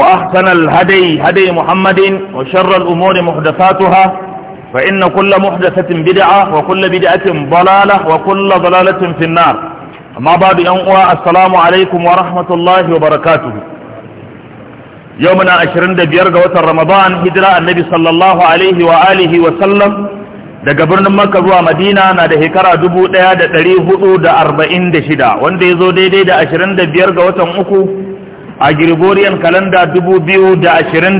وأحسن الهدي هدي محمد وشر الأمور محدثاتها فإن كل محدثة بدعة وكل بدعة ضلالة وكل ضلالة في النار أما بعد أنقوى السلام عليكم ورحمة الله وبركاته يومنا عشرين دبيار قوة رمضان هجرة النبي صلى الله عليه وآله وسلم daga birnin Makka zuwa Madina na da shekara 1446 wanda ya zo daidai da 25 ga watan uku a Gregorian kalanda dubu biyu da da ashirin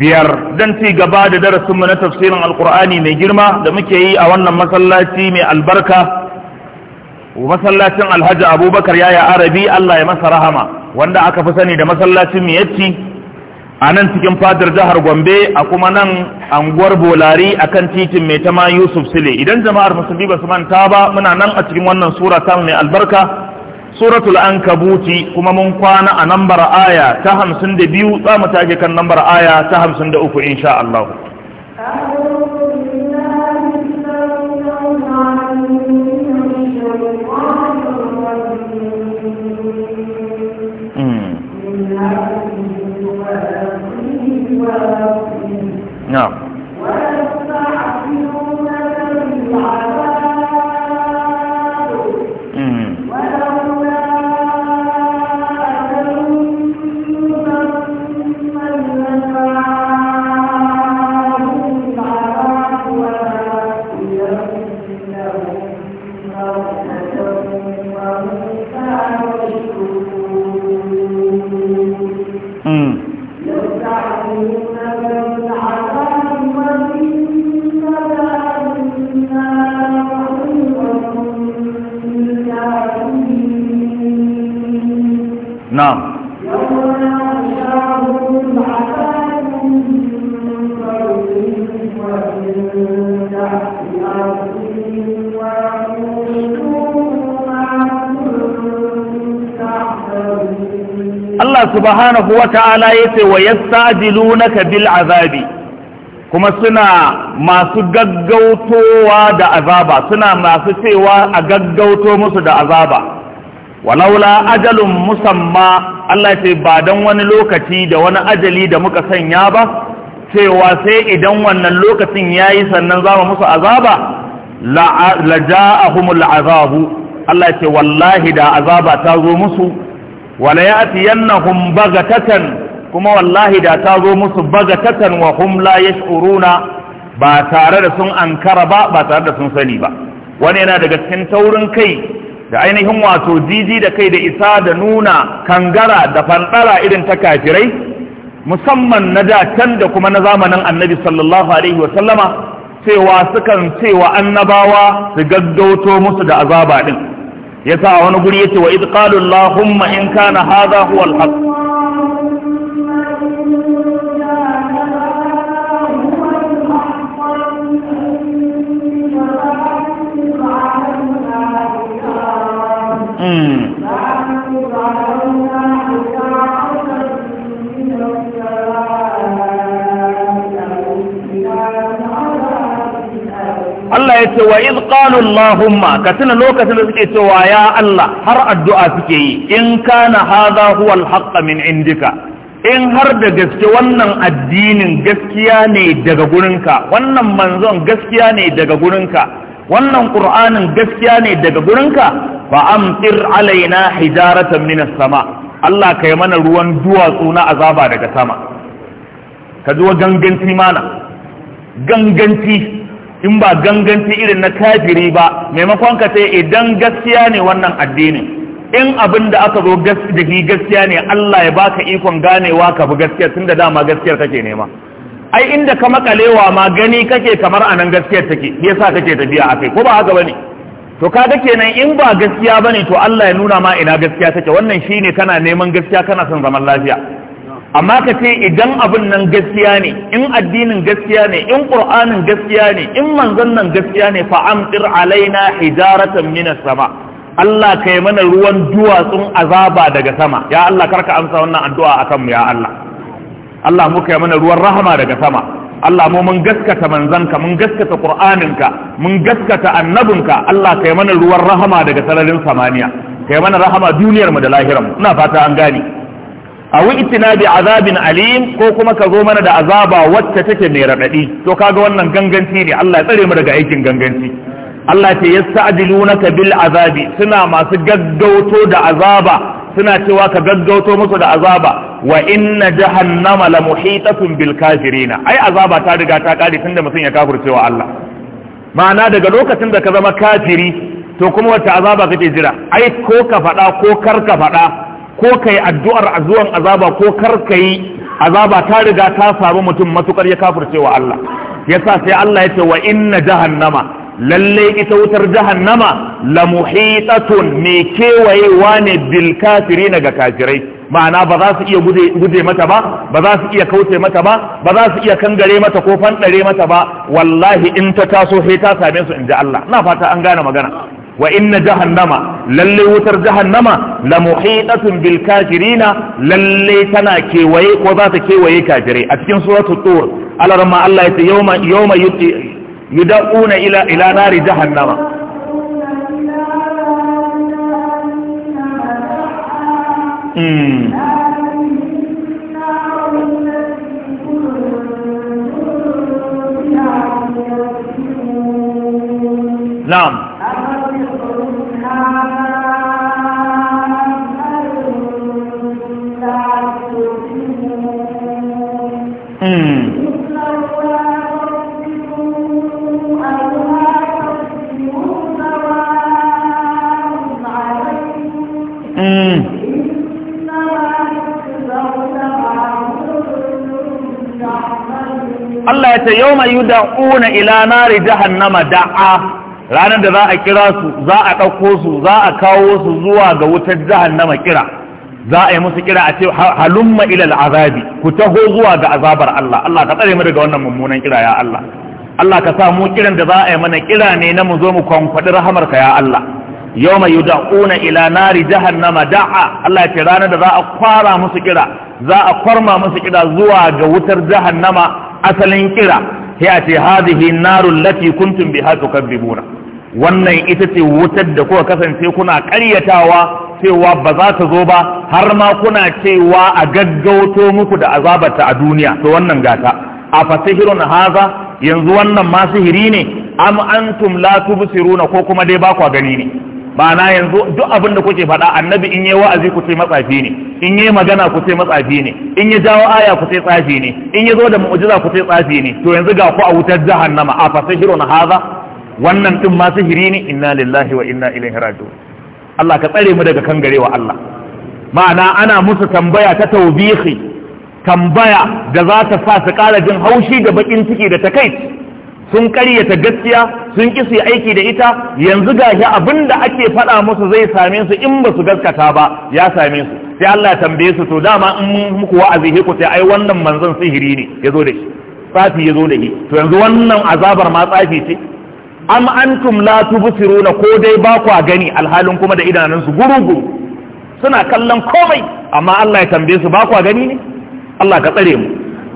biyar don ci gaba da darasinmu na tafsirin alkur'ani mai girma da muke yi a wannan masallaci mai albarka masallacin alhaji abubakar yaya arabi allah ya masa rahama wanda aka fi sani da masallacin miyacci a nan cikin fadar jihar gombe a kuma nan anguwar bolari a kan titin mai tama yusuf sile idan jama'ar musulmi ba su manta ba muna nan a cikin wannan sura ta mai albarka suratul ankabuti kuma mun kwana a nambar aya ta hamsin da biyu za mu tage kan nambar aya ta hamsin da uku insha Allah subhanahu wa ta'ala ya ce wa yastajilunaka bil azabi kuma suna masu gaggautowa da azaba suna masu cewa a gaggauto musu da azaba walaula ajalun musamma Allah ce ba dan wani lokaci da wani ajali da muka sanya ba cewa sai idan wannan lokacin yayi sannan za mu musu azaba la ja'ahumul azabu Allah ce wallahi da azaba ta zo musu wala yannahum bagatatan kuma wallahi da ta zo musu bagatatan wa hum la yash'uruna ba tare da sun ankara ba ba tare da sun sani ba wani yana daga cikin taurin kai da ainihin wato jiji da kai da isa da nuna kangara da fanɗara irin ta kafirai musamman na da can da kuma na zamanin annabi sallallahu alaihi wa sallama cewa sukan cewa annabawa su gaggauto musu da azaba din yasa a wani guri yace wa idqalu allahumma in kana hadha huwa alhaq ya ce wa iz allahumma ka tuna lokacin da suke cewa ya Allah har addu'a suke yi in kana hadha huwa alhaq min indika in har da gaske wannan addinin gaskiya ne daga gurinka wannan manzon gaskiya ne daga gurinka wannan qur'anin gaskiya ne daga gurinka fa amtir alaina hijaratan min as-sama Allah kai mana ruwan duwatsu na azaba daga sama ka ji wa ganganci mana ganganci in ba ganganci irin na kafiri ba maimakon ka sai idan gaskiya ne wannan addinin in abin da aka zo jiki gaskiya ne Allah ya baka ikon ganewa ka bi gaskiya tun da dama gaskiyar kake nema ai inda ka makalewa ma gani kake kamar nan gaskiyar take yasa kake tafiya a kai ko ba haka bane to kaga kenan in ba gaskiya bane to Allah ya nuna ma ina gaskiya take wannan shine kana neman gaskiya kana son zaman lafiya amma ka ce idan abin nan gaskiya ne in addinin gaskiya ne in ƙur'anin gaskiya ne in manzon nan gaskiya ne amtir alaina hijaratan minas sama Allah ka yi mana ruwan duwatsun azaba daga sama ya Allah karka amsa wannan addu'a akan mu ya Allah Allah mu ka yi mana ruwan rahama daga sama Allah mu mun gaskata manzanka mun gaskata ƙur'aninka mun gaskata annabinka Allah ka yi mana ruwan rahama daga sararin samaniya ka mana rahama duniyar mu da lahirar mu ina fata an gani. a wi'tina bi azabin alim ko kuma ka zo mana da azaba wacce take mai raɗaɗi to kaga wannan ganganci ne Allah ya tsare mu daga aikin ganganci Allah ce na bil azabi suna masu gaggauto da azaba suna cewa ka gaggauto musu da azaba wa inna jahannama la muhitatun bil kafirina ai azaba ta riga ta kare tunda mutum ya kafircewa Allah ma'ana daga lokacin da ka zama kafiri to kuma wacce azaba kake jira ai ko ka faɗa ko kar ka faɗa ko ka yi addu'ar azuwan azaba ko kar ka yi azaba ta riga ta samu mutum matukar ya kafurce wa Allah yasa sai Allah ya ce wa inna jahannama lalle ita wutar jahannama la muhitatun me kewayewa ne bil kafirina ga kafirai ma'ana ba za su iya guje mata ba ba za su iya kauce mata ba ba za su iya kangare mata ko fanɗare mata ba wallahi in ta taso sai ta same su in ji Allah na fata an gane magana وإن جهنم للي وتر جهنم لمحيطة بالكافرين للي تنا كي وي وذات كي وي كافري أتكين سورة الطور على رما الله يوم يوم يدعون إلى إلى نار جهنم نعم Allah ya ce yau mai yi da'una ila nari jahannama da'a ranar da za a kira su za a ɗauko su za a kawo su zuwa ga wutar jahannama kira za a yi musu kira a ce halumma ilal azabi. ku taho zuwa ga azabar Allah Allah ka tsare mu daga wannan mummunan kira ya Allah Allah ka sa mu kiran da za a yi mana kira ne na mu zo mu kwankwaɗi rahamar ka ya Allah yau mai yi da'una ila nari jahannama da'a Allah ya ce ranar da za a kwara musu kira za a kwarma musu kira zuwa ga wutar jahannama asalin kira ya ce hadhihi narul lati kuntum biha tukazzibuna wannan ita ce wutar da kuka kasance kuna ƙaryatawa cewa ba za ta zo ba har ma kuna cewa a gaggauto muku da ta a duniya to wannan gata a fasihirun haza yanzu wannan ma sihiri ne am antum la tubsiruna ko kuma dai ba kwa gani ne ma'ana yanzu duk abin da kuke faɗa annabi in yi wa'azi ku ce matsafi ne in yi magana ku ce matsafi ne in yi jawo aya ku ce tsafi ne in yi zo da mu'ujiza ku ce tsafi ne to yanzu ga ku a wutar jahannama a fa na haza wannan din ma sihiri ne inna lillahi wa inna ilaihi raji'un Allah ka tsare mu daga kan wa Allah ma'ana ana musu tambaya ta tawbihi tambaya da za ta sa su ƙara jin haushi da bakin ciki da takaici sun karyata gaskiya sun ƙi su yi aiki da ita yanzu ga shi abin da ake faɗa musu zai same su in ba su gaskata ba ya same su sai Allah tambaye su to dama in muku wa'azi ku sai ai wannan manzon sihiri ne ya zo da shi tsafi zo da shi to yanzu wannan azabar ma tsafi ce am antum la tubsiruna ko dai ba ku gani alhalin kuma da idanun su gurugu suna kallon komai amma Allah ya tambaye su ba ku gani ne Allah ka tsare mu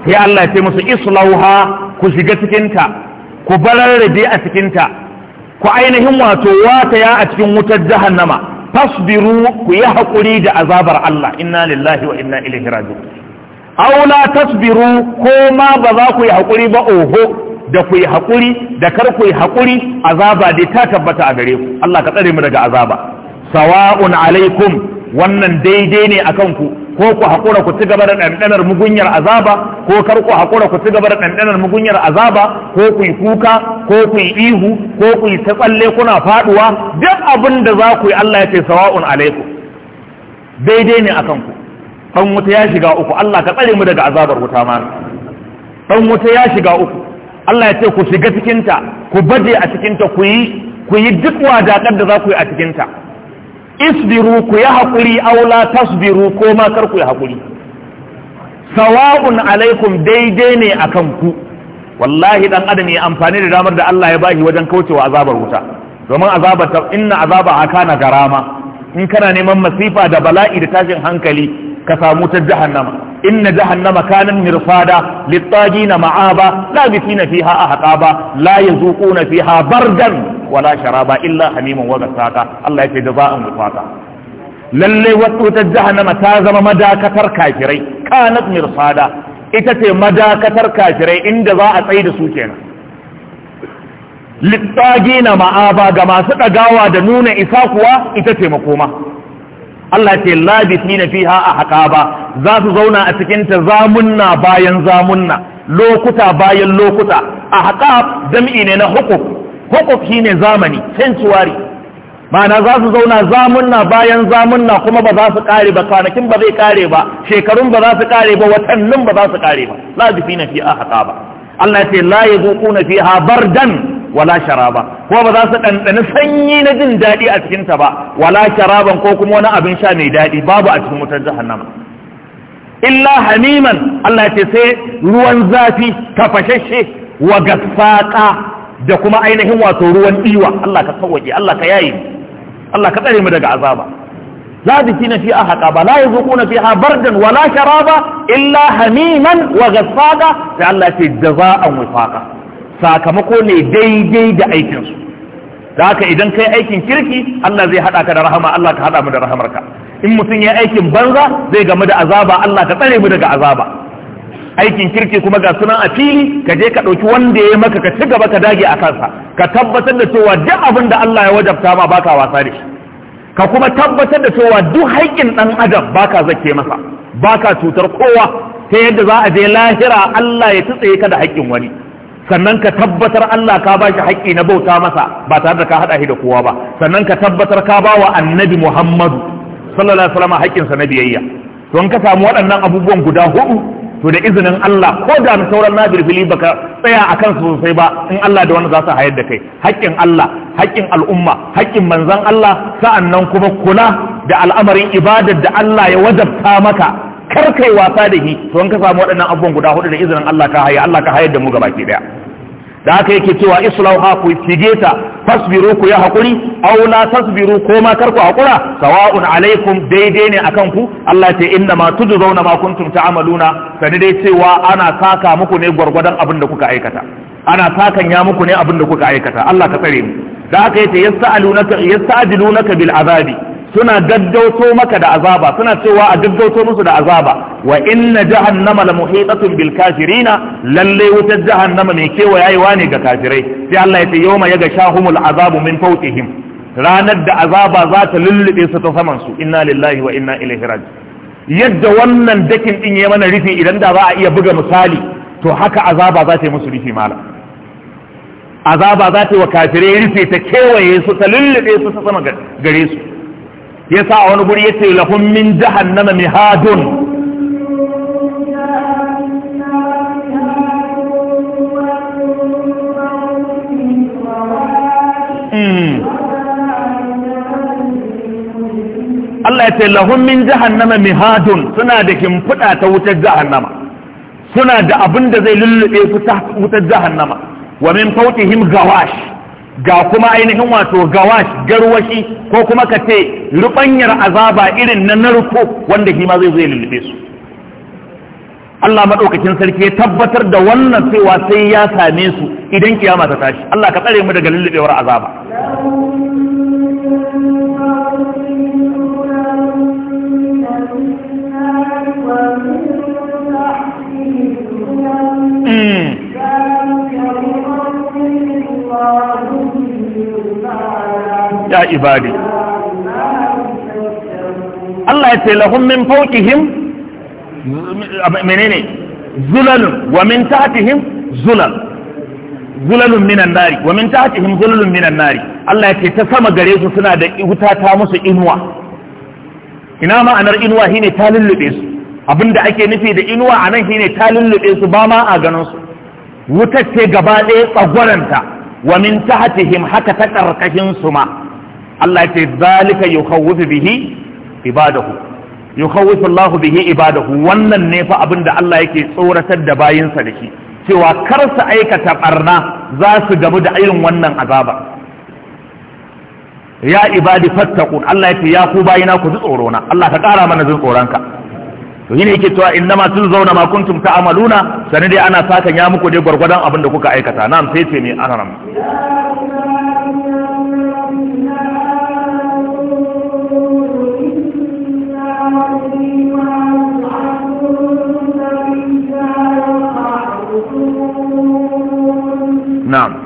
sai Allah ya ce musu islauha ku shiga cikin ta ku bararrabe a cikinta ku ainihin wato wataya a cikin wutar jahannama fasbiru ku yi haƙuri da azabar Allah inna lillahi wa inna ilaihi raji'un tasbiru ko ma ba za ku yi haƙuri ba oho da ku yi haƙuri da kar ku yi haƙuri azaba dai ta tabbata a gare ku Allah ka tsare mu daga azaba sawa'un alaikum wannan daidai ne akan ku ko ku haƙura ku ci gaba da ɗanɗanar mugunyar azaba ko kar ku haƙura ku ci gaba da ɗanɗanar mugunyar azaba ko ku yi kuka ko ku yi ihu ko ku yi ta tsalle kuna faɗuwa duk abin da za ku yi Allah ya ce sawa'un alaikum daidai ne akan ku dan wuta ya shiga uku Allah ka tsare mu daga azabar wuta ma dan wuta ya shiga uku Allah ya ce ku shiga cikin ta ku baje a cikin ta ku yi ku yi duk wadatar da za ku yi a cikin ta isbiru ku yi haƙuri aula tasbiru ko ma kar ku yi haƙuri sawa'un alaikum daidai ne a ku wallahi dan adam ya amfani da damar da Allah ya bashi wajen kaucewa azabar wuta domin azabar inna azaba aka na garama in kana neman masifa da bala'i da tashin hankali ka samu ta jahannama inna jahannama kanan mirfada na ma'aba la bisina fiha ba, la yazuquna fiha bardan wala sharaba illa hamiman wa gasaka Allah yake jaza'an wifaka lalle wasu ta jahannama ta zama madakatar kafirai kanat mirfada ita ce madakatar kafirai inda za a tsaye da su kenan littage na ma'aba ga masu ɗagawa da nuna isa kuwa ita ce makoma Allah ce labisi na fiha a haka ba za su zauna a cikinta zamunna bayan zamunna lokuta bayan lokuta a haka jam'i ne na hukuk hukuk shi ne zamani century ma'ana za su zauna zamunna bayan zamunna kuma ba za su kare ba kwanakin ba zai kare ba shekarun ba za su kare ba watannin ba za su kare ba labisi na fiha a ba Allah ce la yazuquna fiha bardan wala sharaba ko ba za su ɗanɗani sanyi na jin daɗi a cikinta ba wala sharaban ko kuma wani abin sha mai daɗi babu a cikin wutar jahannama illa hamiman Allah ce sai ruwan zafi tafashashe wa gasfaqa da kuma ainihin wato ruwan diwa Allah ka sauke Allah ka yayi Allah ka tsare mu daga azaba na fi ahqa ba la yuzuquna fiha bardan wala sharaba illa hamiman wa gasfaqa sai Allah ce jaza'an wifaqa sakamako ne daidai da aikinsu da haka idan kai aikin kirki Allah zai haɗa ka da rahama Allah ka haɗa mu da rahamarka in mutum ya aikin banza zai gamu da azaba Allah ka tsare mu daga azaba aikin kirki kuma ga sunan a fili ka je ka ɗauki wanda ya maka ka ci gaba ka dage a kansa ka tabbatar da cewa duk abin da Allah ya wajabta ma baka wasa da shi ka kuma tabbatar da cewa duk haƙƙin ɗan adam baka zake masa baka cutar kowa ta yadda za a je lahira Allah ya tsaye ka da haƙƙin wani sannan ka tabbatar Allah ka ba shi haƙƙi na bauta masa ba tare da ka haɗa shi da kowa ba sannan ka tabbatar ka ba wa annabi Muhammadu sallallahu alaihi wasallam haƙƙinsa na biyayya to in ka samu waɗannan abubuwan guda hudu to da izinin Allah ko da na sauran na baka tsaya a kan su sosai ba in Allah da wani za su hayar da kai haƙƙin Allah haƙƙin al'umma haƙƙin manzon Allah sa'annan kuma kula da al'amarin ibadar da Allah ya wajabta maka kar kai wasa da shi to an ka samu waɗannan abubuwan guda hudu da izinin Allah ka haye Allah ka haye da mu gabaki daya da aka yake cewa islauha ku tigeta fasbiru ku ya hakuri aw la tasbiru ko ma karku hakura sawa'un alaikum daidai ne akan ku Allah ce inna ma tudzauna ma kuntum ta'maluna sani dai cewa ana saka muku ne gwargwadon abin da kuka aikata ana sakan ya muku ne abin da kuka aikata Allah ka tsare mu da aka yace yasta'alunaka yasta'dilunaka bil azabi suna gaggauto maka da azaba suna cewa a gaggauto musu da azaba wa inna jahannama la muhitatun bil kafirina lalle wutar jahannama mai kewayayewa ne ga kafirai sai Allah ya ce yawma yaga shahumul azabu min fawqihim ranar da azaba za ta lullube su ta saman su inna lillahi wa inna ilaihi raji yadda wannan dakin din ya mana rufi idan da za a iya buga misali to haka azaba za ta yi musu rufi mala azaba za ta yi wa kafirai rufi ta kewaye su ta lullube su ta sama gare su yasa a wani guri yace lahum min jahannama mihadun Allah ya ce lahum min jahannama mihadun suna da kimfuda ta wutar jahannama suna da abin da zai lullube su ta wutar jahannama wa min fawqihim gawash ga kuma ainihin wato gawash garwashi ko kuma ka ce rubanyar azaba irin na narko wanda shi ma zai zai lullube su Allah madaukakin sarki ya tabbatar da wannan cewa sai ya same su idan kiyama ta tashi Allah ka tsare mu daga lullubewar azaba ya ibadi Allah ya ce lahum min fawqihim menene zulalun wa min tahtihim zulal zulalun minan nari wa min tahtihim zulalun minan nari Allah ya ce ta sama gare su suna da wuta ta musu inuwa ina ma'anar inuwa shine ta lullube su abinda ake nufi da inuwa anan shine ta lullube su ba ma a ganin su wutar ce gaba ɗaya tsagwaranta wa min tahtihim haka ta karkashin su ma Allah ce zalika yukhawwifu bihi ibadahu yukhawwifu Allahu bihi ibadahu wannan ne fa abin da Allah yake tsoratar da bayinsa da shi cewa kar su aikata barna za su gamu da irin wannan azaba ya ibadi fattaqun Allah ya ce ya ku bayina ku ji tsoro na Allah ka kara mana jin tsoronka to yine yake cewa inna ma tun zauna ma kuntum ta'maluna sanadi dai ana saka ya muku dai gwargwadon abin da kuka aikata nan sai ce me anaram na'am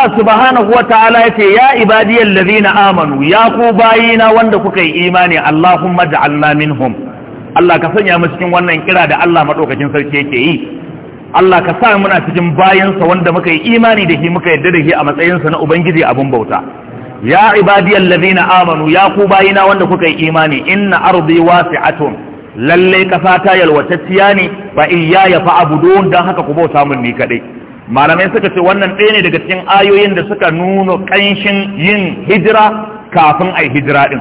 Allah subhanahu wa ta'ala ya ce ya ibadiyar na amanu ya ku bayina wanda kuka yi imani Allahumma ja'alna minhum Allah ka sanya mu cikin wannan kira da Allah madaukakin sarki yake yi Allah ka sa muna cikin bayansa wanda muka yi imani da shi muka yarda da shi a matsayin sa na ubangiji abun bauta ya ibadiyar na amanu ya ku bayina wanda kuka yi imani inna ardi wasi'atun lallai ƙasa ta yalwatacciya ne fa iyaya fa abudun dan haka ku bauta mun ni kadai malamai suka ce wannan ɗaya ne daga cikin ayoyin da suka nuna ƙanshin yin hijira kafin a yi hijira ɗin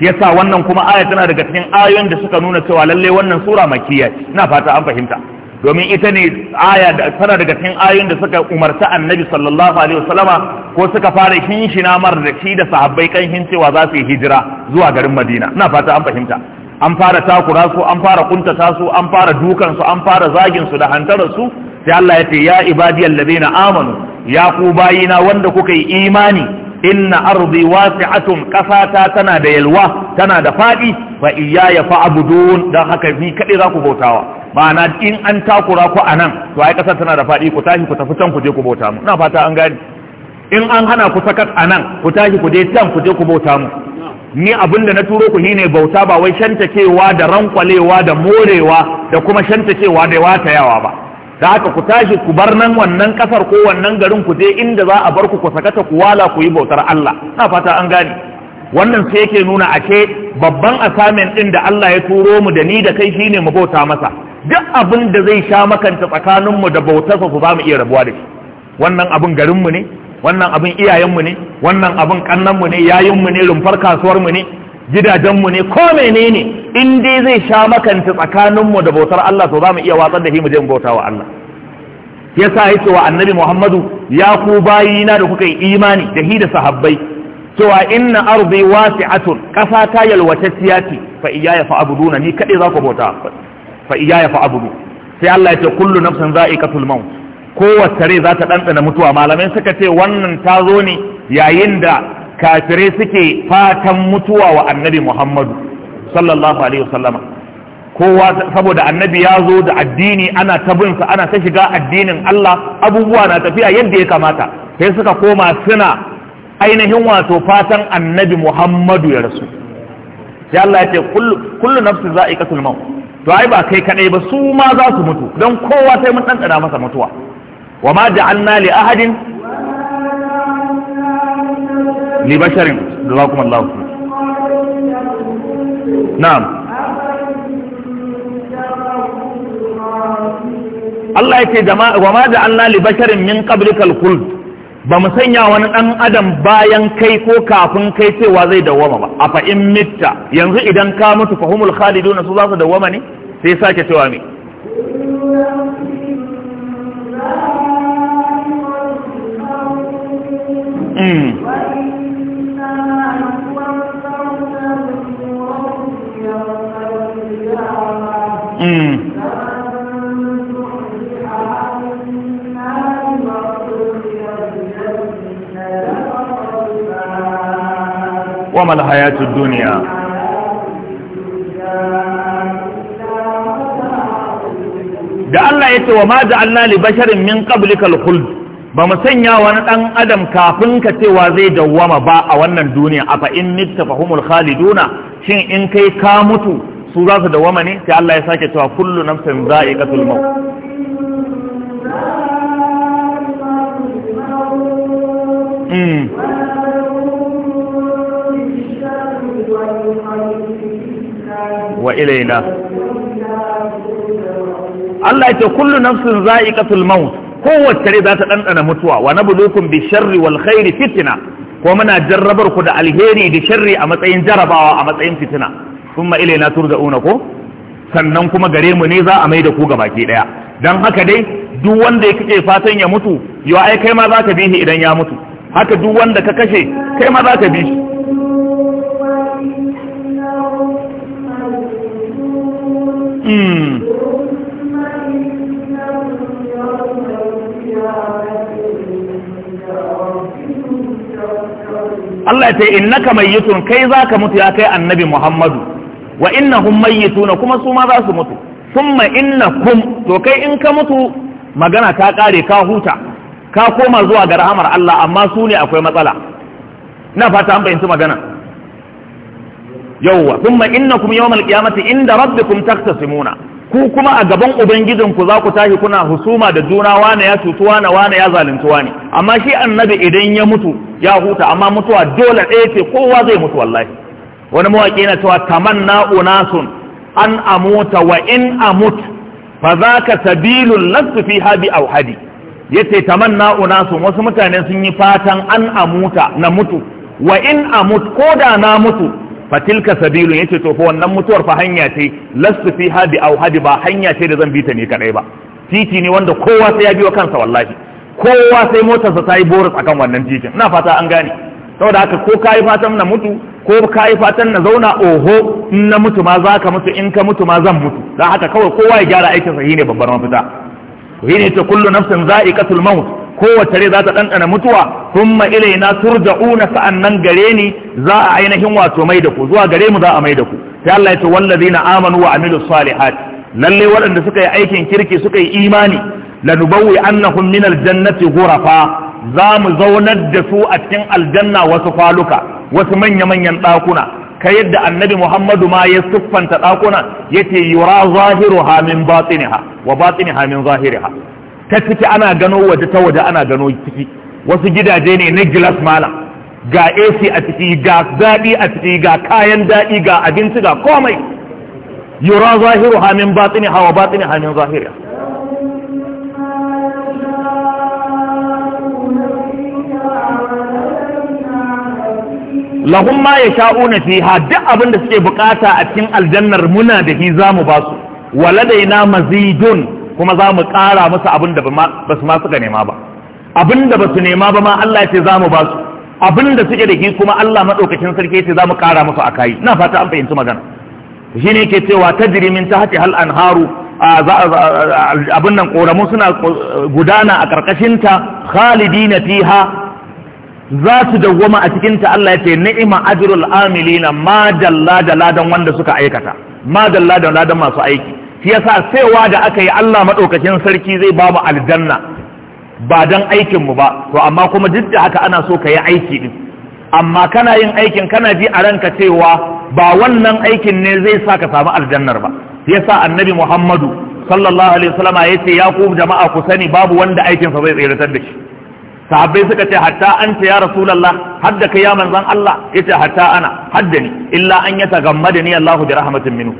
yasa wannan kuma aya tana daga cikin ayoyin da suka nuna cewa lalle wannan sura makiyya ina fata an fahimta domin ita ne aya tana daga cikin ayoyin da suka umarta annabi sallallahu alaihi wasallama ko suka fara hinshina mar da shi da sahabbai kan cewa za su yi hijira zuwa garin Madina ina fata an fahimta an fara takura su an fara kuntata su an fara dukan su an fara zagin su da hantarar su sai Allah ya ce ya ibadiyal ladina amanu ya ku bayina wanda kuka yi imani inna ardi wasi'atun kasata tana da yalwa tana da fadi fa ya fa'budun dan haka ni kadai za ku bautawa ma'ana in an takura ku anan to ai kasar tana da fadi ku tashi ku tafi can ku je ku bauta mu ina fata an gani in an hana ku sakat anan ku tashi ku je can ku je ku bauta mu ni abin da na turo ku ne bauta ba wai shantakewa da rankwalewa da morewa da kuma shantakewa da watayawa ba da haka ku tashi ku bar nan wannan kasar ko wannan garin ku je inda za a bar ku ku sakata ku wala ku yi bautar Allah na fata an gane wannan sai yake nuna ashe babban assignment din da Allah ya turo mu da ni da kai shine mu bauta masa duk abin da zai sha makanta tsakanin mu da bautarsa ku ba mu iya rabuwa da shi wannan abin garin mu ne wannan abin iyayen mu ne wannan abin kannan mu ne yayin mu ne rumfar kasuwar mu ne gidajenmu ne ko menene in dai zai sha makanta tsakaninmu da bautar Allah to za mu iya watsar da shi mu je mu bauta wa Allah yasa yake wa annabi Muhammadu ya ku bayina da kuka yi imani da hi da sahabbai cewa inna ardi atun kasa ta yalwace ce fa iyaya fa'buduna ni kadai za ku bauta fa iyaya fa'budu sai Allah ya ce kullu nafsin za'iqatul maut kowace rai za ta ɗanɗana mutuwa malamai suka ce wannan ta zo ne yayin da kafirai suke fatan mutuwa wa annabi muhammadu sallallahu alaihi wasallama kowa saboda annabi ya zo da addini ana tabinsa ana ta shiga addinin Allah abubuwa na tafiya yadda ya kamata sai suka koma suna ainihin wato fatan annabi Muhammadu ya rasu sai Allah ya ce kullu nafsi za'iqatul maut to ai ba kai kadai ba su ma za su mutu don kowa sai mun ɗanɗana masa mutuwa wa ma ja'alna li ahadin li basharin jazakum Allah na'am Allah yake jama'a wa ma an na libasharin min qablikal khuld ba mu sanya wani ɗan adam bayan kai ko kafin kai cewa zai dawwama ba a fa yanzu idan ka mutu fahumul khalidun su za su dawwama ne sai sake cewa me Mm. wa mal hayatud da Allah ya ce wa ma ja'alna li basharin min qablika al-khuld ba mu sanya wani dan adam kafin ka cewa zai dawwama ba a wannan duniya afa in mitta fahumul khaliduna shin in kai ka mutu su za su dawwama ne sai Allah ya sake cewa kullu nafsin za'iqatul maut mm wa ilaina Allah ya ce kullu nafsin za'iqatul maut kowace rai za ta ɗanɗana mutuwa wa nabluukum bi sharri wal khairi fitna ko muna jarrabar ku da alheri da sharri a matsayin jarabawa a matsayin fitina kuma ilaina turja'una ko sannan kuma gare mu ne za a mai da ku baki daya dan haka dai duk wanda ya kike fatan ya mutu yau ai kai ma za ka bi shi idan ya mutu haka duk wanda ka kashe kai ma za ka bi shi Mm. Allah ya ce ka mayyitun kai zaka mutu ya kai annabi Muhammadu wa innahum mayyituna kuma su ma za su mutu thumma innakum to kai in ka mutu magana ta kare ka huta ka koma zuwa ga rahamar Allah amma su ne akwai matsala na fata an fahimci magana yawwa thumma innakum yawmal qiyamati inda rabbikum taqtasimuna ku kuma a gaban ubangijin ku za ku tashi kuna husuma da juna wane ya cutu wane wane ya zalunci wane amma shi annabi idan ya mutu ya huta amma mutuwa dole ɗaya ce kowa zai mutu wallahi wani mawaƙi yana cewa tamanna unasun an amuta wa in amut fa zaka sabilun lastu fi habi aw hadi yace tamanna unasun wasu mutane sun yi fatan an amuta na mutu wa in amut ko da na mutu fatilka sabilun yace to fa wannan mutuwar fa hanya ce lastu fi hadi au hadi ba hanya ce da zan bi ta ne kadai ba titi ne wanda kowa sai ya biyo kansa wallahi kowa sai motarsa ta yi boris akan wannan titin ina fata an gane saboda haka ko yi fatan na mutu ko yi fatan na zauna oho in na mutu ma za ka mutu in ka mutu ma zan mutu don haka kawai kowa ya gyara aikin sa ne babbar mafita shine ta kullu nafsin za'iqatul maut kowace rai za ta ɗanɗana mutuwa thumma ilaina turja'una sa'annan gare ni za a ainihin wato mai da ku zuwa gare mu za a mai da ku sai Allah ya ce na amanu wa amilus salihat lalle waɗanda suka yi aikin kirki suka yi imani lanubawwi annahum min aljannati ghurafa za mu zaunar da su a cikin aljanna wasu faluka wasu manya-manyan ɗakuna ka yadda annabi muhammadu ma ya siffanta ɗakuna ya ce yura zahiru hamin batsiniha wa batsiniha min zahiriha ta ciki ana gano waje ta waje ana gano ciki wasu gidaje ne na gilas mala ga AC a ciki ga zadi a ciki ga kayan daɗi ga abinci ga komai yura zahiru hamin batini hawa batini hamin zahiri lahum ma yasha'una fi duk abin da suke bukata a cikin aljannar muna da shi zamu ba su waladaina mazidun kuma za mu ƙara musu abin da ba su ma suka nema ba abin da ba su nema ba ma Allah ce za mu ba su abin da suke da kuma Allah maɗaukacin sarki ce za mu ƙara musu a kayi na fata an fahimci magana shi ne ke cewa ta jirimin ta haƙi hal anharu abin nan ƙoramu suna gudana a ƙarƙashinta khalidina fiha za su dawwama a cikinta Allah ya ce ni'ima ajrul amilina ma dalla da ladan wanda suka aikata ma dalla da ladan masu aiki shi yasa saiwa da aka yi Allah madaukakin sarki zai ba mu aljanna ba don aikinmu ba to amma kuma duk da haka ana so ka yi aiki din amma kana yin aikin kana ji a ranka cewa ba wannan aikin ne zai sa ka samu aljannar ba yasa annabi Muhammadu sallallahu alaihi wasallama yace ya ku jama'a ku sani babu wanda aikin sa bai tsiratar da shi sahabbai suka ce hatta an ce ya rasulallah hadda kai ya manzon Allah yace hatta ana hadda ni illa an yatagammada ni Allahu bi rahmatin minhu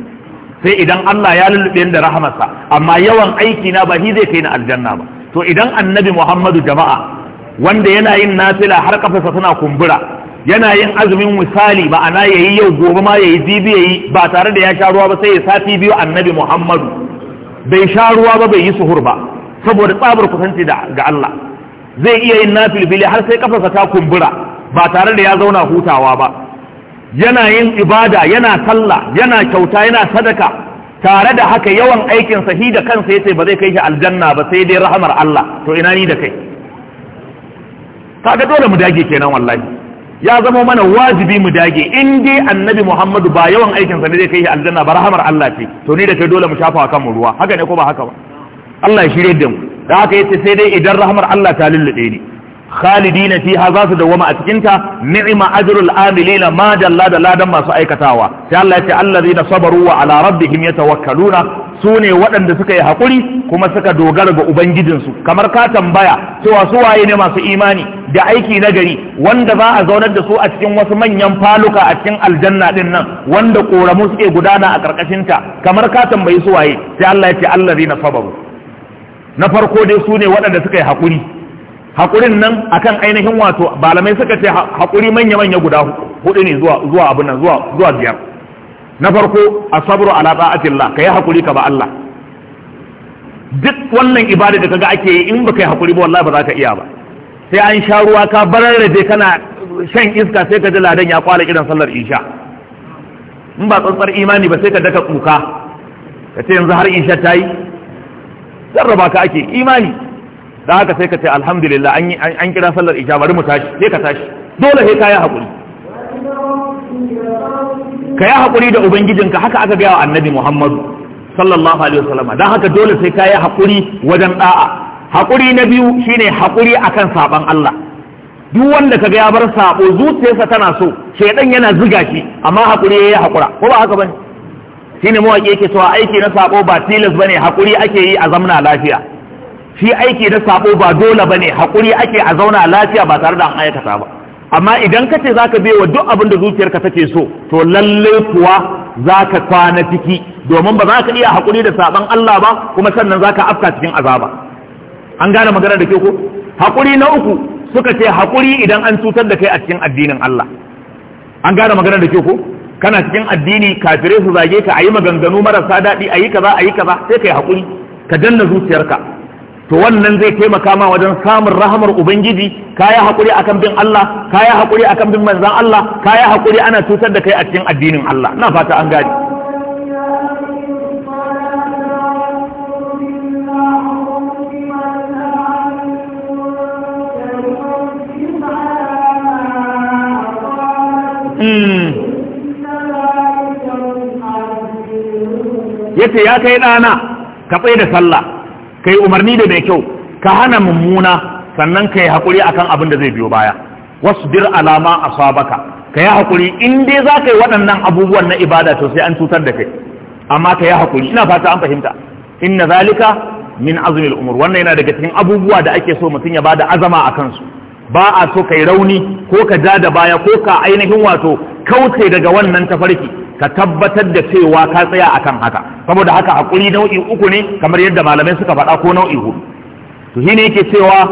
sai idan Allah ya lullube da rahamarsa amma yawan aiki na ba shi zai kai ni aljanna ba to idan annabi Muhammadu jama'a wanda yana yin nafila har kafarsa tana kumbura yana yin azumin misali ma'ana yayi yau gobe ma yayi jibi yayi ba tare da ya sha ruwa ba sai ya sati biyu annabi Muhammadu bai sha ruwa ba bai yi suhur ba saboda tsabar kusanci ga Allah zai iya yin nafil bile har sai kafarsa ta kumbura ba tare da ya zauna hutawa ba yana yin ibada yana sallah yana kyauta yana sadaka tare da haka yawan aikin sahi da kansa yace ba zai kai shi aljanna ba sai dai rahamar Allah to ina ni da kai kaga dole mu dage kenan wallahi ya zama mana wajibi mu dage in dai annabi Muhammadu ba yawan aikin sa ne zai kai shi aljanna ba rahamar Allah ce to ni da kai dole mu shafa kanmu ruwa haka ne ko ba haka ba Allah ya shirye da mu da haka yace sai dai idan rahamar Allah ta lullube ni khalidina fiha za su dawama a cikin ta ni'ma ajrul amilina ma dalla da ladan masu aikatawa sai Allah ya ce allazina sabaru wa ala rabbihim yatawakkaluna sune waɗanda suka yi hakuri kuma suka dogara ga ubangijinsu kamar ka tambaya cewa su waye ne masu imani da aiki na gari wanda za a zaunar da su a cikin wasu manyan faluka a cikin aljanna din nan wanda koramu suke gudana a karkashin ta kamar ka tambayi su waye sai Allah ya ce allazina sabaru na farko dai su ne waɗanda suka yi hakuri hakurin nan akan ainihin wato balamai suka ce haƙuri manya-manya guda hudu ne zuwa zuwa abun nan zuwa zuwa biyar na farko asabru ala ta'atillah kai haƙuri ka ba Allah duk wannan ibada da kaga ake yi in baka yi haƙuri ba wallahi ba za ka iya ba sai an sha ruwa ka bararrabe kana shan iska sai ka ji ladan ya kwala irin sallar isha in ba tsantsar imani ba sai ka daka tsuka ka ce yanzu har isha ta yi ka ake imani da haka sai ka ce alhamdulillah an kira sallar isha bari mu tashi sai ka tashi dole sai ka yi haƙuri ka yi haƙuri da ubangijinka haka aka gaya wa annabi muhammadu sallallahu alaihi wasallam don haka dole sai ka yi haƙuri wajen da'a haƙuri na biyu shine haƙuri akan saban Allah duk wanda ka gaya bar sabo zuciyarsa tana so shedan yana ziga shi amma haƙuri yayi haƙura ko ba haka bane shine mawaki yake cewa aiki na sabo ba tilas bane haƙuri ake yi a zamna lafiya shi aiki na sabo ba dole ne, hakuri ake a zauna lafiya ba tare da an aikata ba amma idan ka ce za ka wa duk abin da zuciyarka take so to lallai kuwa za ka kwana ciki domin ba za ka iya haƙuri da sabon Allah ba kuma sannan za ka afka cikin azaba an gane magana da ke ko haƙuri na uku suka ce haƙuri idan an cutar da kai a cikin addinin Allah an gane magana da ke ko kana cikin addini kafirai su zage ka ayi maganganu marasa daɗi ayi kaza ayi kaza sai kai haƙuri ka danna zuciyarka to wannan zai taimaka ma wajen samun rahamar ubangiji haƙuri a kan bin Allah Ka haƙuri a kan bin manzan Allah Ka yi haƙuri ana cutar da kai a cikin addinin Allah na fata an gani hmm. yace ya kai ɗana ka tsaye da sallah kai umarni da mai kyau ka hana mummuna sannan kai hakuri akan abin da zai biyo baya wasu bir alama a asabaka kai hakuri in dai za ka yi waɗannan abubuwan na ibada to sai an cutar da kai amma kai hakuri ina fata an fahimta inna zalika min azumin umur wannan yana daga cikin abubuwa da ake so mutum ya ba da azama a kansu ba a so yi rauni ko ka ja da baya ko ka ainihin wato kauce daga wannan tafarki ka tabbatar da cewa ka tsaya akan haka saboda haka hakuri nau'i uku ne kamar yadda malamai suka faɗa ko nau'i hudu to shine yake cewa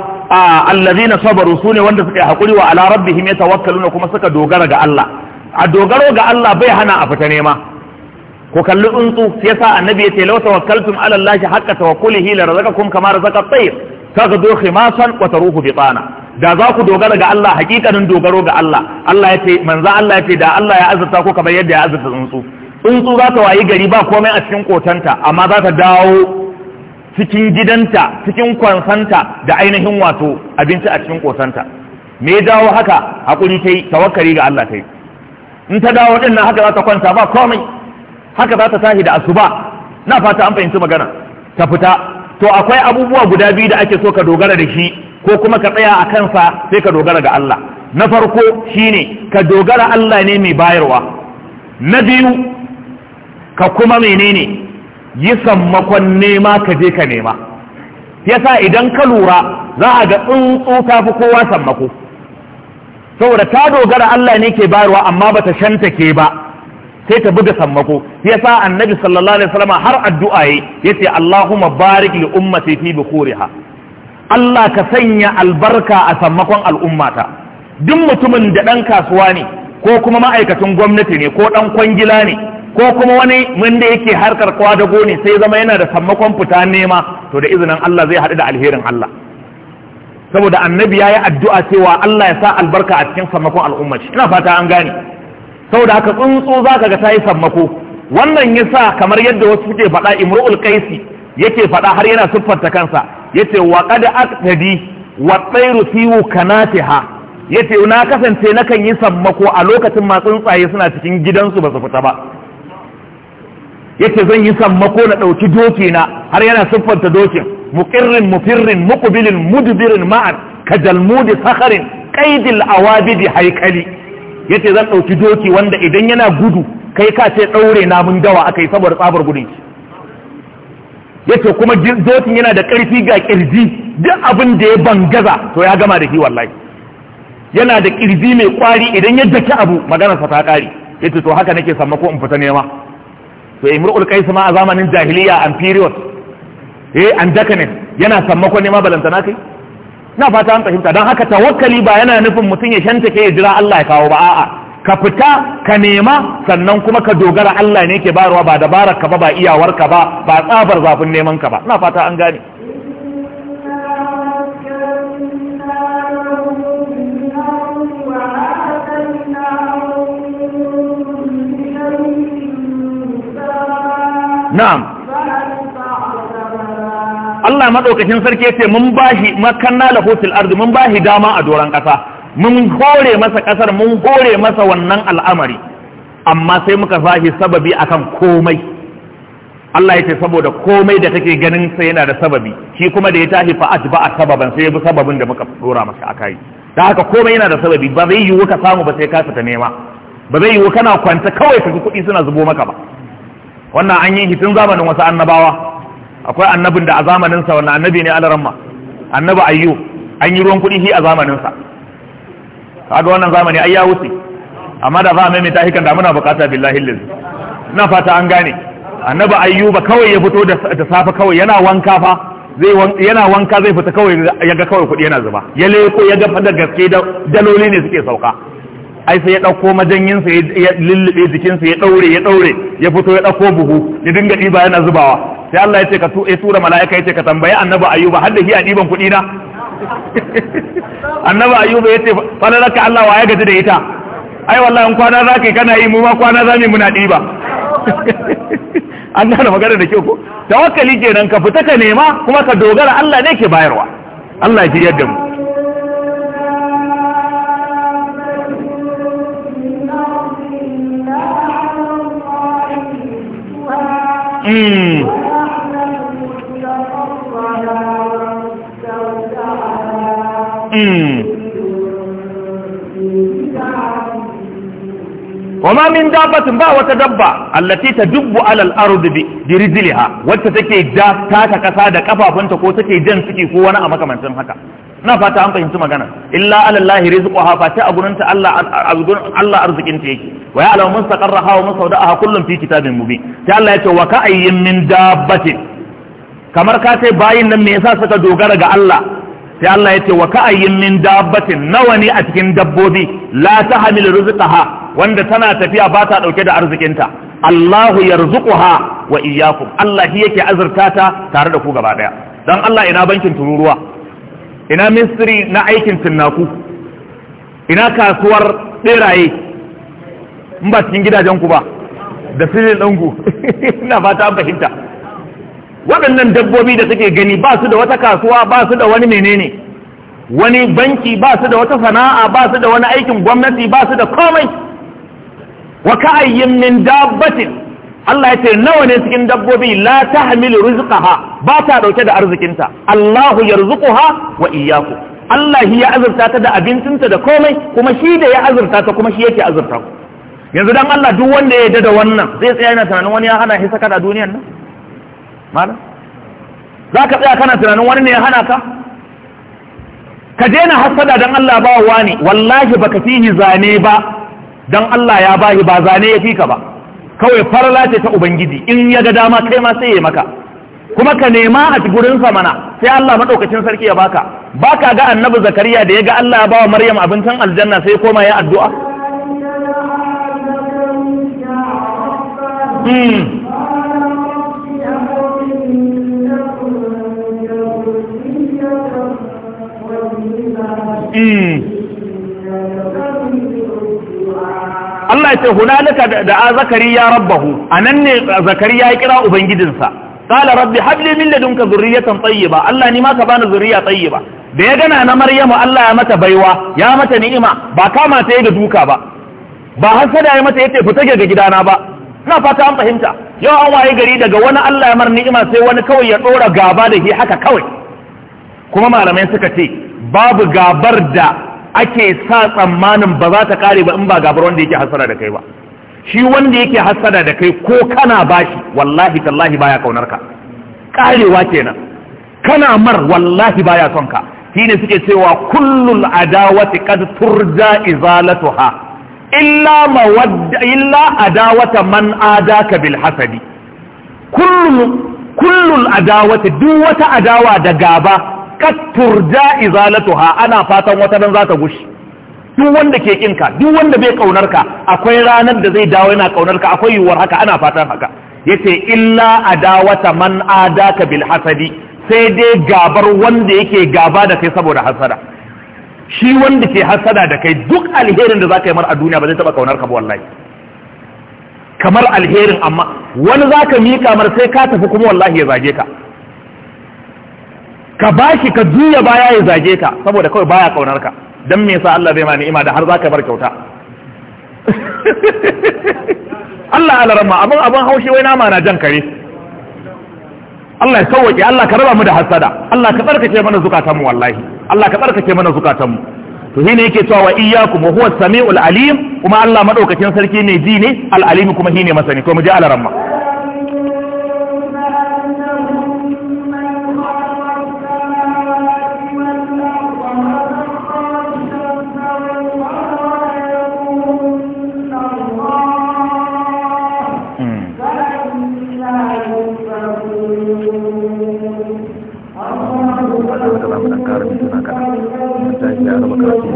allazina sabaru sune wanda suka yi hakuri wa ala rabbihim yatawakkaluna kuma suka dogara ga Allah a dogaro ga Allah bai hana a fita nema ku kalli tsuntsu sai yasa annabi yace law tawakkaltum ala allahi haqqa tawakkulihi la razaqakum kama razaqa at-tayr taghdu khimasan wa taruhu bitana da za ku dogara ga Allah hakikanin dogaro ga Allah Allah ya ce manzo Allah ya ce da Allah ya azurta ku kamar yadda ya azurta tsuntsu tsuntsu za ta wayi gari ba komai a cikin kotanta amma za ta dawo cikin gidanta cikin kwansanta da ainihin wato abinci a cikin kotanta me ya dawo haka hakuri ta yi tawakkali ga Allah ta in ta dawo din nan haka za ta kwanta ba komai haka za ta tashi da asuba na fata an fahimci magana ta fita to akwai abubuwa guda biyu da ake so ka dogara da shi ko kuma ka tsaya a kansa sai ka dogara ga Allah na farko shine ka dogara Allah ne mai bayarwa na biyu ka kuma menene yi sammakon nema ka je ka nema yasa idan ka lura za a ga tsuntsu ta fi kowa sammako saboda ta dogara Allah ne ke bayarwa amma bata shanta ke ba sai ta buga sammako yasa annabi sallallahu alaihi wasallam har addu'a ya yace Allahumma barik li ummati fi bukhuriha Allah ka sanya albarka a sammakon al'ummata duk mutumin da dan kasuwa ne ko kuma ma'aikacin gwamnati ne ko dan kwangila ne ko kuma wani wanda yake harkar kwadago ne sai zama yana da sammakon fita nema to da izinin Allah zai haɗu da alherin Allah saboda annabi ya yi addu'a cewa Allah ya sa albarka a cikin sammakon al'ummar ina fata an gane Sau da aka tsuntsu za ka ga ta yi sammako wannan ya sa kamar yadda wasu suke faɗa imru'ul kaisi yake faɗa har yana siffanta kansa ya yace wa qad aqtadi wa tsairu fi kanatiha ce na kasance nakan yi sammako a lokacin ma tsuntsaye suna cikin gidansu ba su fita ba Ya ce zan yi sammako na ɗauki doki na har yana siffanta dokin muqirrin mufirrin muqbilin Mudubirin, ma'an kajalmudi sakharin qaidil awabidi haikali yace zan ɗauki doki wanda idan yana gudu kai ka ce ɗaure mun dawa aka saboda tsabar gudun shi yace kuma dokin yana da ƙarfi ga ƙirji duk abin da ya bangaza to ya gama da shi wallahi yana da ƙirji mai kwari idan ya daki abu maganarsa ta ya yace to haka nake sammako in fita nema to imrul qais ma a zamanin jahiliya an period eh an yana sammako nema balantana kai na fata an fahimta don haka tawakkali ba yana nufin mutum ya shanta ke ya jira Allah ya kawo ba a'a ka fita ka nema sannan kuma ka dogara Allah ne ke bayarwa ba dabarar ka ba ba iyawar ka ba ba tsabar zafin neman ka ba na fata an gane na'am Allah madaukakin sarki ya ce mun bashi makanna lahu hotel ardu mun bashi dama a doron ƙasa, mun hore masa ƙasar, mun hore masa wannan al'amari amma sai muka bashi sababi akan komai Allah ya ce saboda komai da kake ganin sai yana da sababi shi kuma da ya tashi fa a sababan sai ya bi sababin da muka dora masa akai da haka komai yana da sababi ba zai yiwu ka samu ba sai ka fita nema ba zai yiwu kana kwanta kawai ka kuɗi suna zubo maka ba wannan an yi hitin zamanin wasu annabawa akwai annabin da a zamanin sa wannan annabi ne alaramma annabi ayyu an yi ruwan kuɗi shi a zamanin sa kaga wannan zamani ai ya wuce amma da za a maimaita hikan da muna bukata billahi lillahi ina fata an gane annabi ba kawai ya fito da safa kawai yana wanka fa zai yana wanka zai fita kawai ya ga kawai kuɗi yana zuba ya leko ya ga fadar gaske da daloli ne suke sauka ai sai ya ɗauko sa ya lullube sa ya ɗaure ya ɗaure ya fito ya ɗauko buhu ya dinga ɗiba yana zubawa sai Allah ya ce ka tura mala'ika ya ce ka tambayi annabi Ayuba har da shi a ɗiban kuɗi na annabi ayuba ya ce falalaka Allah wa ya gaji da ita ai wallahi in kwana za yi kana yi mu ma kwana za mu muna ɗiba an gane magana da kyau ko tawakkali kenan ka fita ka nema kuma ka dogara Allah ne ke bayarwa Allah ya ji yadda mu Mm. Mm. Wama min dabbatin ba wata dabba allati ta dubbu alal ardi bi rijliha wacce take da ta ta da kafafunta ko take jan suke ko wani a makamancin haka na fata an fahimci magana illa alallahi rizquha fa ta agunin ta Allah Allah arzikin ta yake wa ya'lamu mustaqarraha wa musawdaha kullun fi kitabin mubin sai Allah yake wa ka'ayyin min dabbatin kamar ka sai bayin nan me yasa suka dogara ga Allah sai Allah yake wa ka'ayyin min dabbatin nawa ne a cikin dabbobi la tahmil rizqaha wanda tana tafiya ba ta dauke da arzikinta Allahu yarzuquha wa iyyakum Allah yake azurta ta tare da ku gaba daya dan Allah ina bankin tururuwa ina ministry na aikin tunaku ina kasuwar beraye in ba cikin gidajenku ba da filin ɗangu ina fata fahimta waɗannan dabbobi da suke gani ba su da wata kasuwa ba su da wani menene wani banki ba su da wata sana'a ba su da wani aikin gwamnati ba su da komai wa ka'ayyin min dabbatin Allah ya ce nawa ne cikin dabbobi la tahmilu rizqaha ba ta dauke da arzikinta Allahu yarzuquha wa iyyakum Allah ya azurta ta da abincinta da komai kuma shi da ya azurta ta kuma shi yake azurta ku yanzu dan Allah duk wanda ya yarda da wannan zai tsaya yana tunanin wani ya hana shi saka da duniyar nan malam zaka tsaya kana tunanin wani ne ya hana ka ka daina hasada dan Allah ba wani wallahi baka fihi zane ba dan Allah ya bahi ba zane ya fika ba kawai farla ce ta ubangiji in ya ga dama kai ma sai ya maka kuma ka nema a sa mana sai Allah madaukakin sarki ya baka baka ga annabi zakariya da ya ga Allah ya bawa maryam abincin aljanna sai koma ya addu'a Mm. Allah ce hunalika da zakariya rabbahu anan ne zakariya ya kira ubangijinsa qala rabbi habli min ladunka zurriyatan tayyiba Allah ni ma ka bani zurriya tayyiba da ya gana na maryamu Allah ya mata baiwa ya mata ni'ima ba kama ta yi da duka ba ba hasada ya mata yace fita ga gidana ba ina fata an fahimta yau an waye gari daga wani Allah ya mar ni'ima sai wani kawai ya dora gaba da shi haka kawai kuma malamai suka ce babu gabar da ake sa tsammanin ba za ta kare ba in ba gabar wanda yake hasara da kai ba shi wanda yake hasara da kai ko kana bashi wallahi tallahi baya kaunar ka karewa kenan kana mar wallahi baya son ka shine suke cewa kullul adawati qad turja izalatuha illa mawadda illa adawata man adaka bil hasadi kullu kullul adawati duk wata adawa da gaba kattur izalatuha ana fatan wata nan za gushi duk wanda ke kinka duk wanda bai kaunar ka akwai ranar da zai dawo yana kaunar ka akwai yiwuwar haka ana fatan haka yace illa adawata man adaka bil hasadi sai dai gabar wanda yake gaba da kai saboda hasada shi wanda ke hasada da kai duk alherin da zaka yi mar a duniya ba zai taba kaunar ka ba wallahi kamar alherin amma wani zaka mika mar sai ka tafi kuma wallahi ya zage ka ka bashi ka juya baya ya zage ka saboda kawai baya kaunar ka dan me yasa Allah zai ma ni'ima da har ka bar kyauta Allah alarma abin abin haushi wai nama na jan kare Allah ya sauwake Allah ka raba mu da hasada Allah ka tsarkake mana mu wallahi Allah ka tsarkake mana mu. to shine yake cewa wa iyyakum huwa samiul alim kuma Allah madaukakin sarki ne ji ne al alim kuma shine masani to mu ji alarma muna ƙara mintuna kaɗan mun tashi da raba karatu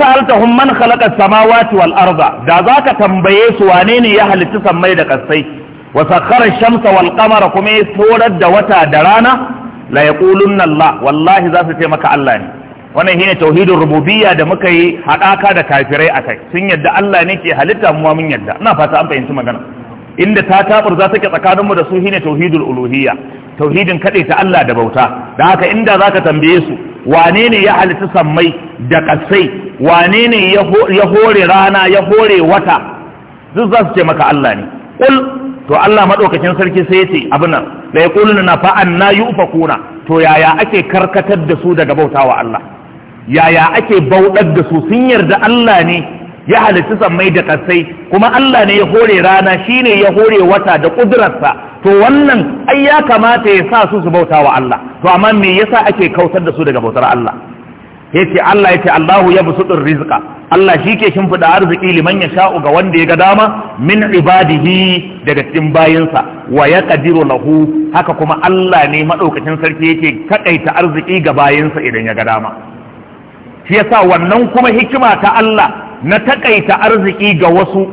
sa'altahum man khalaqa samawati wal arza da zaka tambaye su wane ne ya halitta sammai da kasai wa sakhara shamsa wal kuma ya horar da wata da rana la yaqulunna Allah wallahi za su ce maka Allah ne wannan tauhidin rububiyya da muka yi da kafirai sun yadda Allah ne ke halitta mu mun yadda ina fata an fahimci magana inda ta za ta ke tsakanin mu da su shine tauhidul uluhiyya tauhidin ta Allah da bauta da haka inda zaka tambaye su wane ne ya halitta sammai da kasai wane ne ya hore rana ya hore wata duk za su ce maka Allah ne ƙul to Allah maɗaukacin sarki sai ce abin nan da ya ƙulun na fa'an na yi ufakuna to yaya ake karkatar da su daga bautawa Allah yaya ake bauɗar da su sun yarda Allah ne ya halitta sammai da ƙarsai? kuma Allah ne ya hore rana shi ne ya hore wata da ƙudurarsa to wannan ai ya kamata ya sa su su bautawa Allah to amma me yasa ake kautar da su daga bautar Allah yace Allah ce Allahu yabsutur rizqa Allah shike shimfida arziki liman yasha'u ga wanda ya ga dama min ibadihi daga cikin bayinsa wa yaqdiru lahu haka kuma Allah ne madaukakin sarki yake kadaita arziki ga bayinsa idan ya ga dama shi yasa wannan kuma hikima ta Allah na takaita arziki ga wasu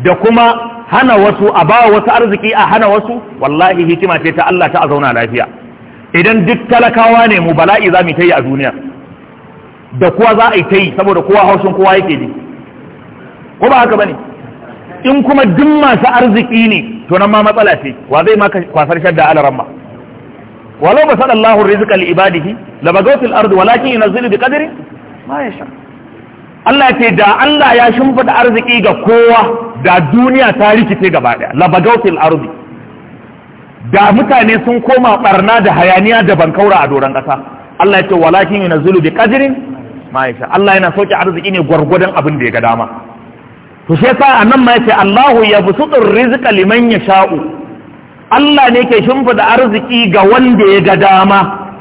da kuma hana wasu a ba wasu arziki a hana wasu wallahi hikima ce ta Allah ta a zauna lafiya idan duk talakawa ne mu bala'i za mu ta yi a duniya da kuwa za a yi ta yi saboda kowa haushin kowa yake ji ko ba haka ba ne? in kuma duk masu arziki ne to nan ma matsala ce wa zai maka kwasar shadda ala ramma walau ba sada Allahu rizqa li ibadihi la bagawtu al ard walakin yunzilu bi qadri ma ya sha. Allah ya ce da Allah ya shimfida arziki ga kowa da duniya ta rikice gaba daya la bagawtu al ard da mutane sun koma barna da hayaniya da bankaura a doron kasa Allah ya ce walakin yunzilu bi qadrin ma Allah yana sauke arziki ne gwargwadon abin da ya ga dama to shi yasa anan ma yace Allahu yabsutur rizqa liman yasha'u Allah ne ke shimfida arziki ga wanda ya ga dama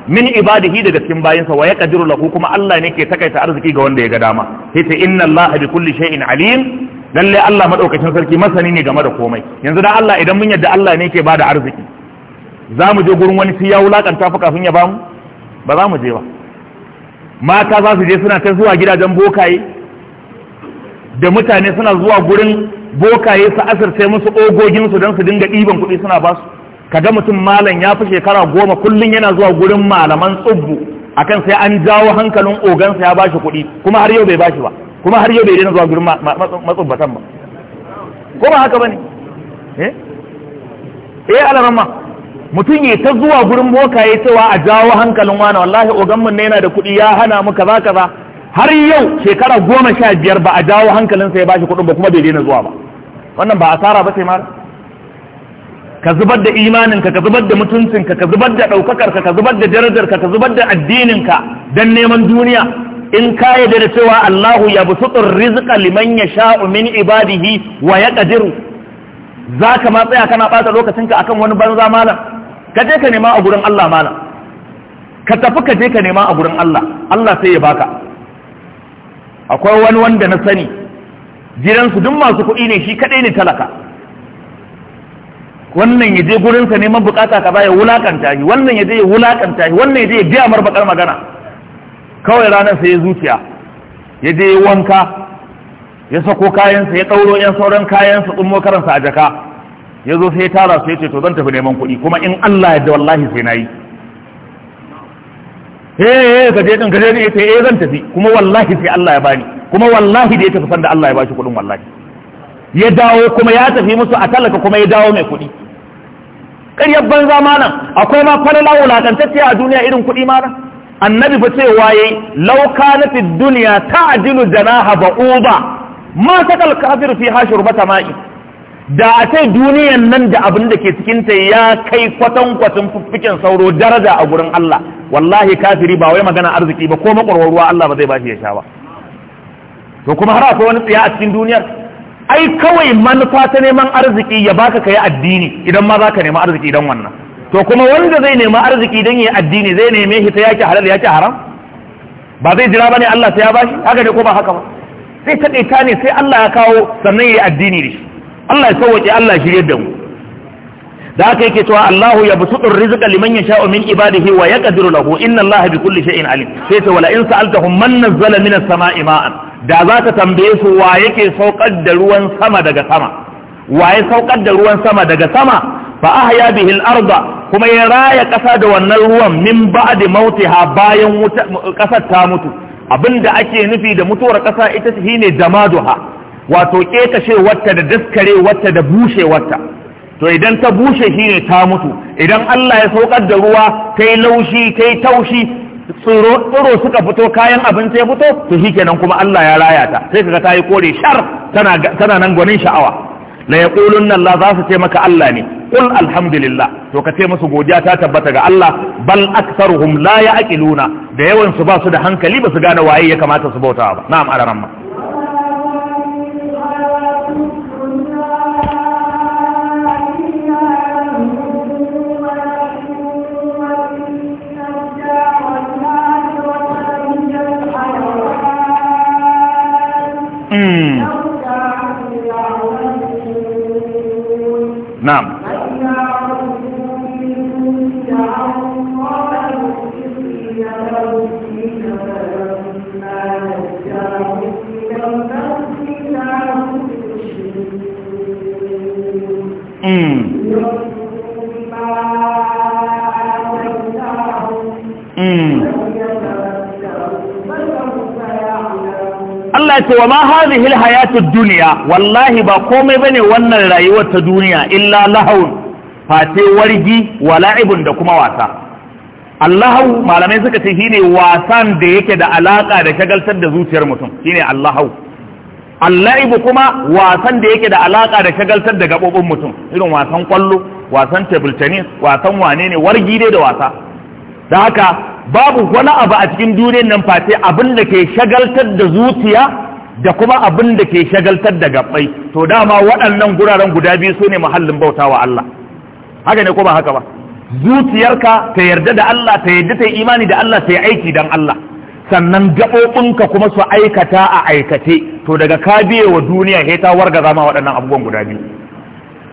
min ibadihi daga cikin bayinsa wa yaqdiru lahu kuma Allah ne ke takaita arziki ga wanda ya ga dama yace inna Allah bi kulli shay'in alim lalle Allah madaukakin sarki masani ne game da komai yanzu dan Allah idan mun yadda Allah ne ke bada arziki za mu je gurin wani si ya wulakanta fa ya bamu ba za mu je ba mata za su je suna ta zuwa gidajen bokaye da mutane suna zuwa gurin bokaye su asirce musu ogoginsu don su dinga ɗiban kuɗi suna ba su kaga mutum malam ya fi shekara goma kullum yana zuwa gurin malaman tsubbu akan sai an jawo hankalin ogansa ya bashi kuɗi kuma har yau bai bashi ba kuma har yau bai daina zuwa gurin matsubbatan ba ko ba haka ba ne? eh, eh alamamma mutum ya ta zuwa gurin ya cewa a jawo hankalin wani wallahi oganmu ne yana da kuɗi ya hana mu kaza kaza har yau shekara goma sha biyar ba a jawo sai ya bashi kuɗin ba kuma bai daina zuwa ba wannan ba asara ba sai mara ka zubar da imaninka ka zubar da mutuncinka ka zubar da ɗaukakarka ka zubar da darajarka ka zubar da addininka don neman duniya in ka yarda da cewa Allahu ya busutur rizqa liman yasha'u min ibadihi wa yaqdiru zaka ma tsaya kana bata lokacinka akan wani banza malam ka je ka nema a gurin Allah malam ka tafi ka je ka nema a gurin Allah Allah sai ya baka akwai wani wanda na sani gidansu duk masu kuɗi ne shi kaɗai ne talaka wannan ya je gurinsa neman bukata ka ba ya wulakanta shi wannan ya je ya wulakanta shi wannan ya je ya biya mar bakar magana kawai ranar sai ya zuciya ya je ya wanka ya sako kayansa ya ɗauro yan sauran kayansa ɗin karansa a jaka ya zo sai ya tara sai ce to zan tafi neman kuɗi kuma in Allah ya da wallahi sai na yi eh, eh ka je din ka je din yace eh zan tafi kuma wallahi sai Allah ya bani kuma wallahi da ya tafi sanda Allah ya bashi kuɗin wallahi ya dawo kuma ya tafi musu a talaka kuma ya dawo mai kuɗi ƙaryar banza ma nan akwai ma falala wulaƙantacce a duniya irin kuɗi ma na? annabi fa cewa waye lauka na fi duniya ta'dilu janaha ba'uba ma ta kafir fi hashur bata ma'i da a ce duniyan nan da abin da ke cikin ta ya kai kwatankwacin fuffiken sauro daraja a gurin Allah wallahi kafiri ba wai magana arziki ba ko makwarwar ruwa Allah ba zai bashi ya sha ba to kuma har akwai wani tsiya a cikin duniyar ai kawai manufa ta neman arziki ya baka kai addini idan ma zaka nemi arziki dan wannan to kuma wanda zai nemi arziki dan yayi addini zai neme shi ta yake halal yake haram ba zai jira bane Allah ta ya bashi haka ne ko ba haka ba sai ta ne sai Allah ya kawo sannan yi addini da Allah ya sauwake Allah shirye da mu da haka yake cewa Allahu ya busudur rizika liman sha'o min ibadihi wa yaqdiru lahu inna Allaha bi kulli shay'in alim sai ta wala in sa'altahum man nazzala minas sama ma'an da za ka tambaye su wa yake saukar da ruwan sama daga sama wa ya saukar da ruwan sama daga sama fa ahya bihi al-arda kuma ya raya kasa da wannan ruwan min ba'di mautiha bayan kasar ta mutu abinda ake nufi da mutuwar ƙasa, ita shine damaduha wato kekashe wata da daskare wata da bushe wata to idan ta bushe shine ta mutu idan Allah ya saukar da ruwa ta yi laushi ta yi taushi tsoro suka fito kayan abinci ya fito to kenan kuma Allah ya raya ta sai kaga ta yi kore shar tana tana nan gwanin sha'awa la yaqulunna Allah za su ce maka Allah ne qul alhamdulillah to ka ce musu godiya ta tabbata ga Allah bal aktharuhum la ya'qiluna da yawan su ba su da hankali ba su gane waye ya kamata su bauta ba na'am araramma Naam. ce wa ma hadhihi alhayatud dunya wallahi ba komai bane wannan rayuwar ta duniya illa lahawun fate wargi wa la'ibun da kuma wasa Allahu malamai suka ce shine wasan da yake da alaka da shagaltar da zuciyar mutum shine Allahu Allahu kuma wasan da yake da alaka da shagaltar da gabobin mutum irin wasan kwallo wasan table tennis wasan wane ne wargi dai da wasa da haka babu wani abu a cikin duniyar nan face abin da ke shagaltar da zuciya da kuma abin da ke shagaltar da gabbai to dama waɗannan guraren guda biyu su ne bauta wa Allah haka ne ko ba haka ba zuciyarka ta yarda da Allah ta yarda ta imani da Allah ta yi aiki don Allah sannan gaɓoɓinka kuma su aikata a aikace to daga ka biye wa duniya sai ta warga zama waɗannan abubuwan guda biyu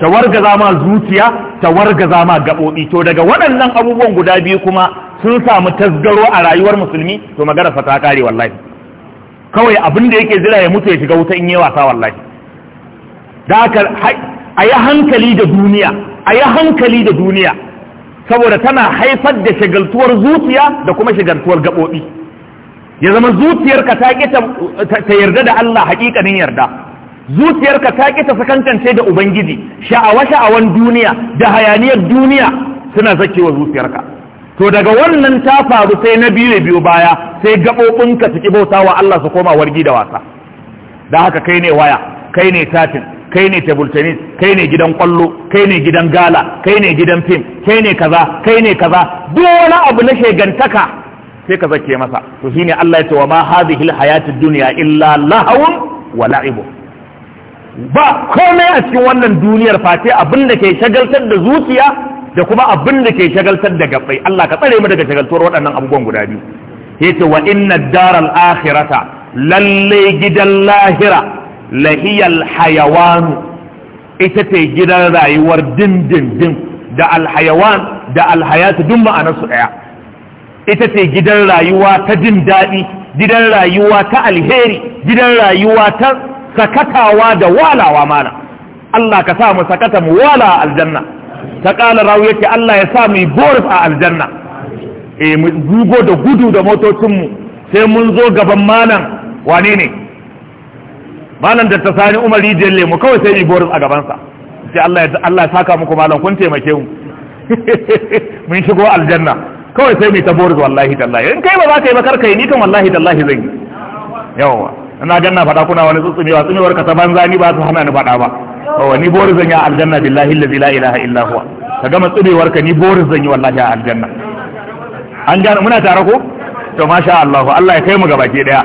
ta warga zama zuciya ta warga zama gaɓoɓi to daga waɗannan abubuwan guda biyu kuma sun samu tasgaro a rayuwar musulmi to magana fa ta kare wallahi kawai abin da yake jira ya mutu ya shiga wuta in yi wasa wallahi da aka a yi hankali da duniya a yi hankali da duniya saboda tana haifar da shagaltuwar zuciya da kuma shagaltuwar gaɓoɓi ya zama zuciyarka ta ƙi ta yarda da Allah haƙiƙanin yarda zuciyarka ta ƙi ta sakankance da ubangiji sha'awa sha'awan duniya da hayaniyar duniya suna zakewa zuciyarka to daga wannan ta faru sai na biyu biyu baya sai gaɓoɓinka su bauta wa Allah su koma wargi da wasa da haka kai ne waya kai ne tatin kai ne table tennis kai ne gidan kwallo kai ne gidan gala kai ne gidan fim kai ne kaza kai ne kaza duk wani abu na shegantaka sai ka zake masa to shine Allah ya ce wa ma hadhihi alhayatid dunya illa lahawun wa ba komai a cikin wannan duniyar face abin da ke shagaltar da zuciya da kuma abin da ke shagaltar da gabbai Allah ka tsare mu daga shagaltuwar waɗannan abubuwan guda biyu yace wa inna daral akhirata lalle gidan lahira lahiyal hayawan ita ce gidan rayuwar dindindin da alhayawan da alhayatu duk ma'anarsu ɗaya ita ce gidan rayuwa ta jin daɗi gidan rayuwa ta alheri gidan rayuwa ta sakatawa da walawa mana Allah ka sa mu sakata mu wala aljanna ta kala rawi yake Allah ya sa mu bor a aljanna E, mu gugo da gudu da motocinmu sai mun zo gaban malam wane ne malam da ta sani Umar Jelle lemu kawai sai mu bor a gabansa. sa sai Allah ya Allah ya saka muku malam kun taimake mu mun shigo aljanna kawai sai mu ta bor wallahi tallahi in kai ba za ka yi ba karkai ni kan wallahi tallahi zan yi yawa ina ganna faɗa kuna wani wa? tsumewar ka ta banza ni ba su hana ni faɗa ba wa ni boris zan yi aljanna billahi allazi la ilaha illa huwa ka gama tsubewar ka ni boris zan yi wallahi a aljanna an gane muna tare ko to masha Allah Allah ya kai mu gabaki daya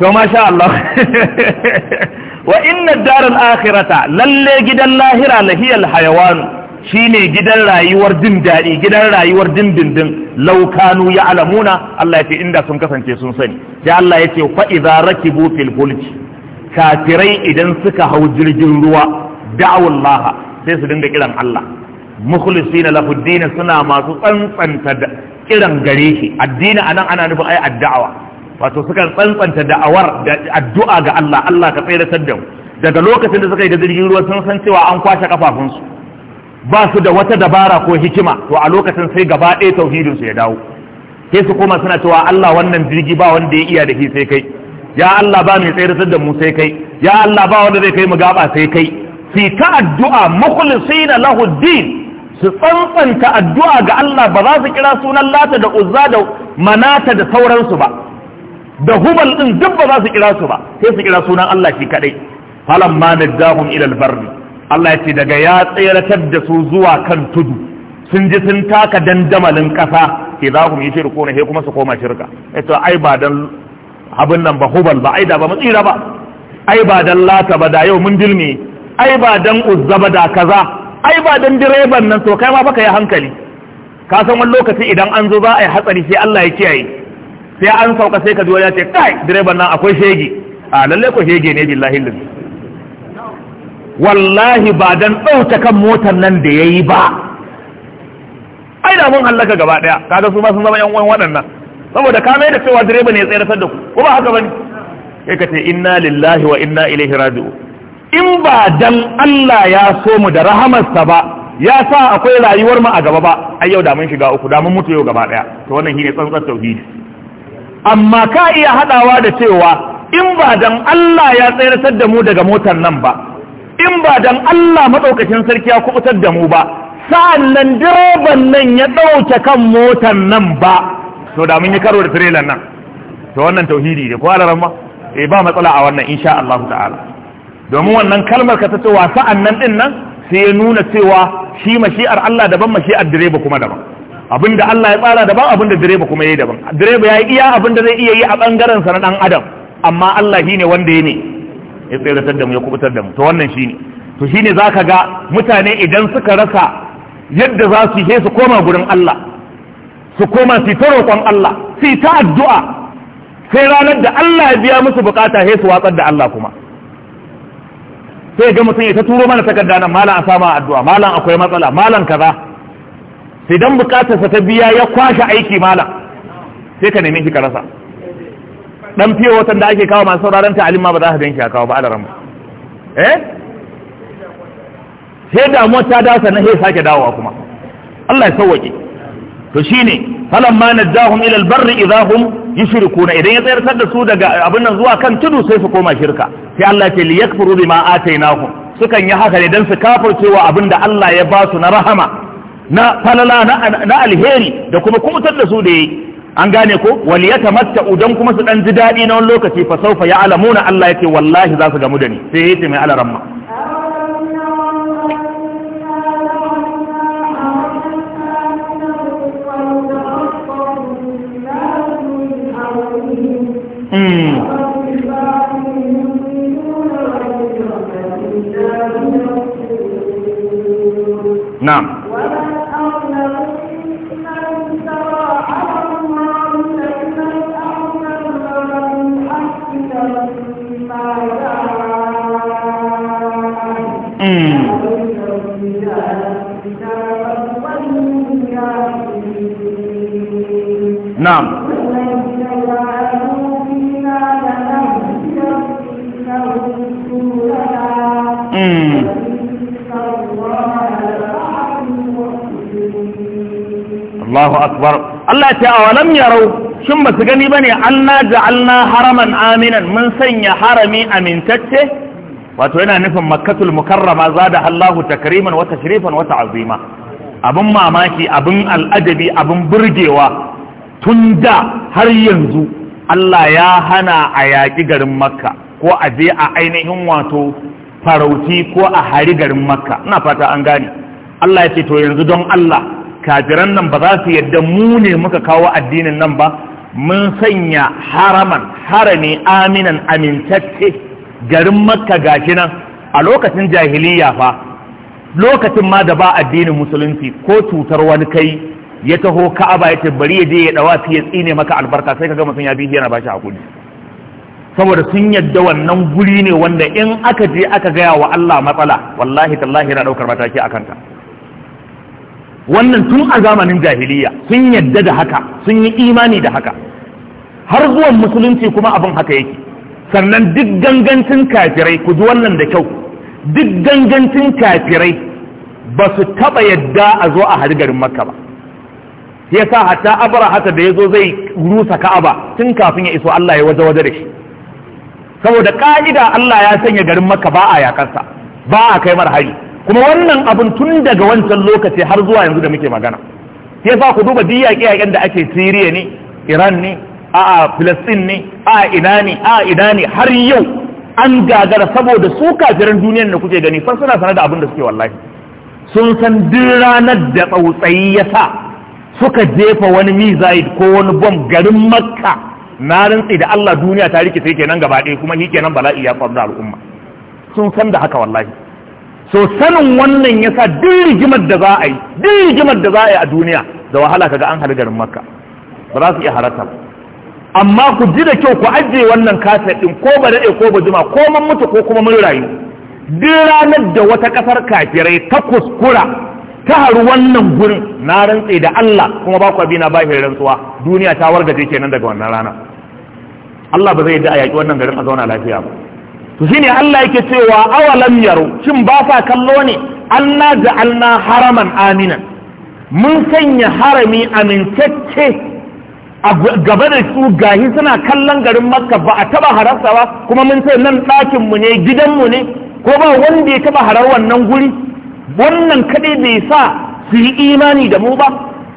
to masha Allah wa inna daral akhirata lalle gidan lahira lahiyal hayawan shine gidan rayuwar jin daɗi gidan rayuwar dindin laukanu ya alamuna Allah ya ce inda sun kasance sun sani sai Allah ya ce fa idza rakibu fil fulki kafirai idan suka hau jirgin ruwa laha sai su dinga kiran Allah mukhlisina lahu dina suna masu tsantsanta kiran gare shi addini anan ana nufin ai addu'a wato suka tsantsanta da'awar da addu'a ga Allah Allah ka tsayar da mu daga lokacin da suka yi da jirgin ruwa sun san cewa an kwashe kafafunsu ba su da wata dabara ko hikima to a lokacin sai gaba ɗaya tauhidinsu ya dawo sai su koma suna cewa Allah wannan jirgi ba wanda ya iya da shi sai kai ya Allah ba mai tsayar da mu sai kai ya Allah ba wanda zai kai mu gaba sai kai fi ta addu'a mukhlisina lahu din su tsantsanta addu'a ga Allah ba za su kira sunan lata da uzza da manata da sauransu ba da hubal din duk ba za su kira su ba sai su kira sunan Allah shi kadai falamma najahum ila albarri Allah ya ce daga ya tsayar da su zuwa kan tudu sun ji sun taka dandamalin ƙasa ke za ku yi shirku ne kuma su koma shirka ai ba dan abin nan ba hubal ba aida ba matsira ba ai ba dan lata ba da yau mun dilme ai ba dan uzza ba da kaza ai ba dan direban nan to kai ma baka yi hankali ka san wani lokaci idan an zo za a yi hatsari sai Allah ya kiyaye sai an sauka sai ka ji ya ce kai direban nan akwai shege a lalle ko shege ne billahi lillahi wallahi ba dan ɗauta kan motar nan da yayi ba ai da mun halaka gaba daya kaga su ma sun zama yan uwan waɗannan saboda ka mai da cewa direba ne ya tsayar da ku ko ba haka bane kai ka ce inna lillahi wa inna ilaihi raji'u in ba dan Allah ya so mu da rahamarsa ba ya sa akwai rayuwar mu a gaba ba ai yau da mun shiga uku da mun mutu yau gaba daya to wannan shine tsantsar tauhidi amma ka iya hadawa da cewa in ba dan Allah ya tsayar da mu daga motar nan ba in ba dan Allah madaukakin sarki ya kubutar da mu ba sa'an nan direban nan ya dauke kan motar nan ba to da mun yi karo da trailer nan to wannan tauhidi ne ko alaran ma eh ba matsala a wannan insha Allah ta'ala domin wannan kalmar ka ta ce wasa annan din nan sai ya nuna cewa shi mashi'ar Allah daban mashi'ar direba kuma daban abinda Allah ya tsara daban abinda direba kuma yayi daban direba yayi iya abinda zai iya yi a bangaren sa na dan adam amma Allah shine wanda ya tsere ya tsiratar da mu ya kubutar da mu to wannan shine to shine zaka ga mutane idan suka rasa yadda za su yi su koma gurin Allah su koma su ta roƙon Allah su ta addu'a sai ranar da Allah ya biya musu bukata sai su watsar da Allah kuma sai ga mutum ya ta turo mana takarda nan malam a sama addu'a malam akwai matsala malam kaza sai dan bukatarsa ta biya ya kwashe aiki malam sai ka nemi shi ka rasa dan fiye watan da ake kawo masu sauraron ta alimma ba za ka ganki a kawo ba a mu eh sai damuwa ta dasa na sai sake dawowa kuma Allah ya sauwaƙe to shine falamma najjahum ila albarri idahum yushrikuna idan ya tsayar da su daga abin nan zuwa kan tudu sai su koma shirka sai Allah ce liyakfuru bima atainahum sukan yi haka ne dan su kafircewa abin da Allah ya ba su na rahama na falala na alheri da kuma kubutar da su da yi an gane ko waliyatamatta'u dan kuma su dan ji daɗi na wani lokaci fa ya alamuna, Allah yake wallahi za su gamu da ni sai yace mai alaramma نعم نعم Allahu akbar Allah ce a walam yarau shin ba su gani da anna ja'alna haraman aminan mun sanya harami amintacce wato yana nufin makkatul mukarrama zada Allahu takriman wa tashrifan wa ta'zima abin mamaki abin al'adabi abin burgewa tun da har yanzu Allah ya hana a yaƙi garin makka ko a je a ainihin wato farauti ko a hari garin makka ina fata an gane Allah ya ce to yanzu don Allah kafiran nan ba za su yadda mu ne muka kawo addinin nan ba mun sanya haraman harami aminan amintacce garin makka gashi nan a lokacin jahiliya fa lokacin ma da ba addinin musulunci ko cutar wani kai ya taho ka'aba ya bari ya je ya dawa ya tsine maka albarka sai ka gama mutum ya bi yana ba shi hakuri saboda sun yadda wannan guri ne wanda in aka je aka gaya wa Allah matsala wallahi tallahi yana daukar mataki akan ta wannan tun a zamanin jahiliya sun yadda da haka sun yi imani da haka har zuwan musulunci kuma abin haka yake sannan duk gangancin kafirai ku ji wannan da kyau duk gangancin kafirai ba su taɓa yadda a zo a garin makka ba ya sa hatta abara hata da ya zo zai rusa ka'aba tun kafin ya iso Allah ya waje waje da shi saboda ka'ida Allah ya sanya garin makka ba a yakarsa ba a kai mar hari kuma wannan abin tun daga wancan lokaci har zuwa yanzu da muke magana ya sa ku duba duk yaƙe-yaƙen da ake siriya ne iran ne a filistin ne a ina ne a ina ne har yau an gagara saboda su kafiran duniyar da kuke gani san suna sanar da abin da suke wallahi sun san duk ranar da tsautsayi ya sa suka jefa wani mizaid ko wani bom garin makka na rantsi da allah duniya ta rikice kenan gaba ɗaya kuma shi kenan bala'i ya faru da al'umma sun san da haka wallahi so sanin wannan yasa duk rigimar da za a yi duk rigimar da za a yi a duniya da wahala kaga an garin makka ba za su iya harata amma ku ji da kyau ku ajiye wannan kasa din ko ba daɗe ko ba jima ko mun mutu ko kuma mun rayu duk ranar da wata ƙasar kafirai ta kuskura ta haru wannan gurin na rantse da Allah kuma ba ku abina na bahir rantsuwa duniya ta wargaje kenan daga wannan rana Allah ba zai da a yaƙi wannan garin a zauna lafiya ba to ne Allah yake cewa awalam yaro shin ba sa kallo ne anna ja'alna haraman aminan mun sanya harami amintacce a gaba da su gahi suna kallon garin makka ba a taba hararsa ba kuma mun ce nan ɗakin mu ne gidanmu ne ko ba wanda ya taba harar wannan guri wannan kadai bai sa su yi imani da mu ba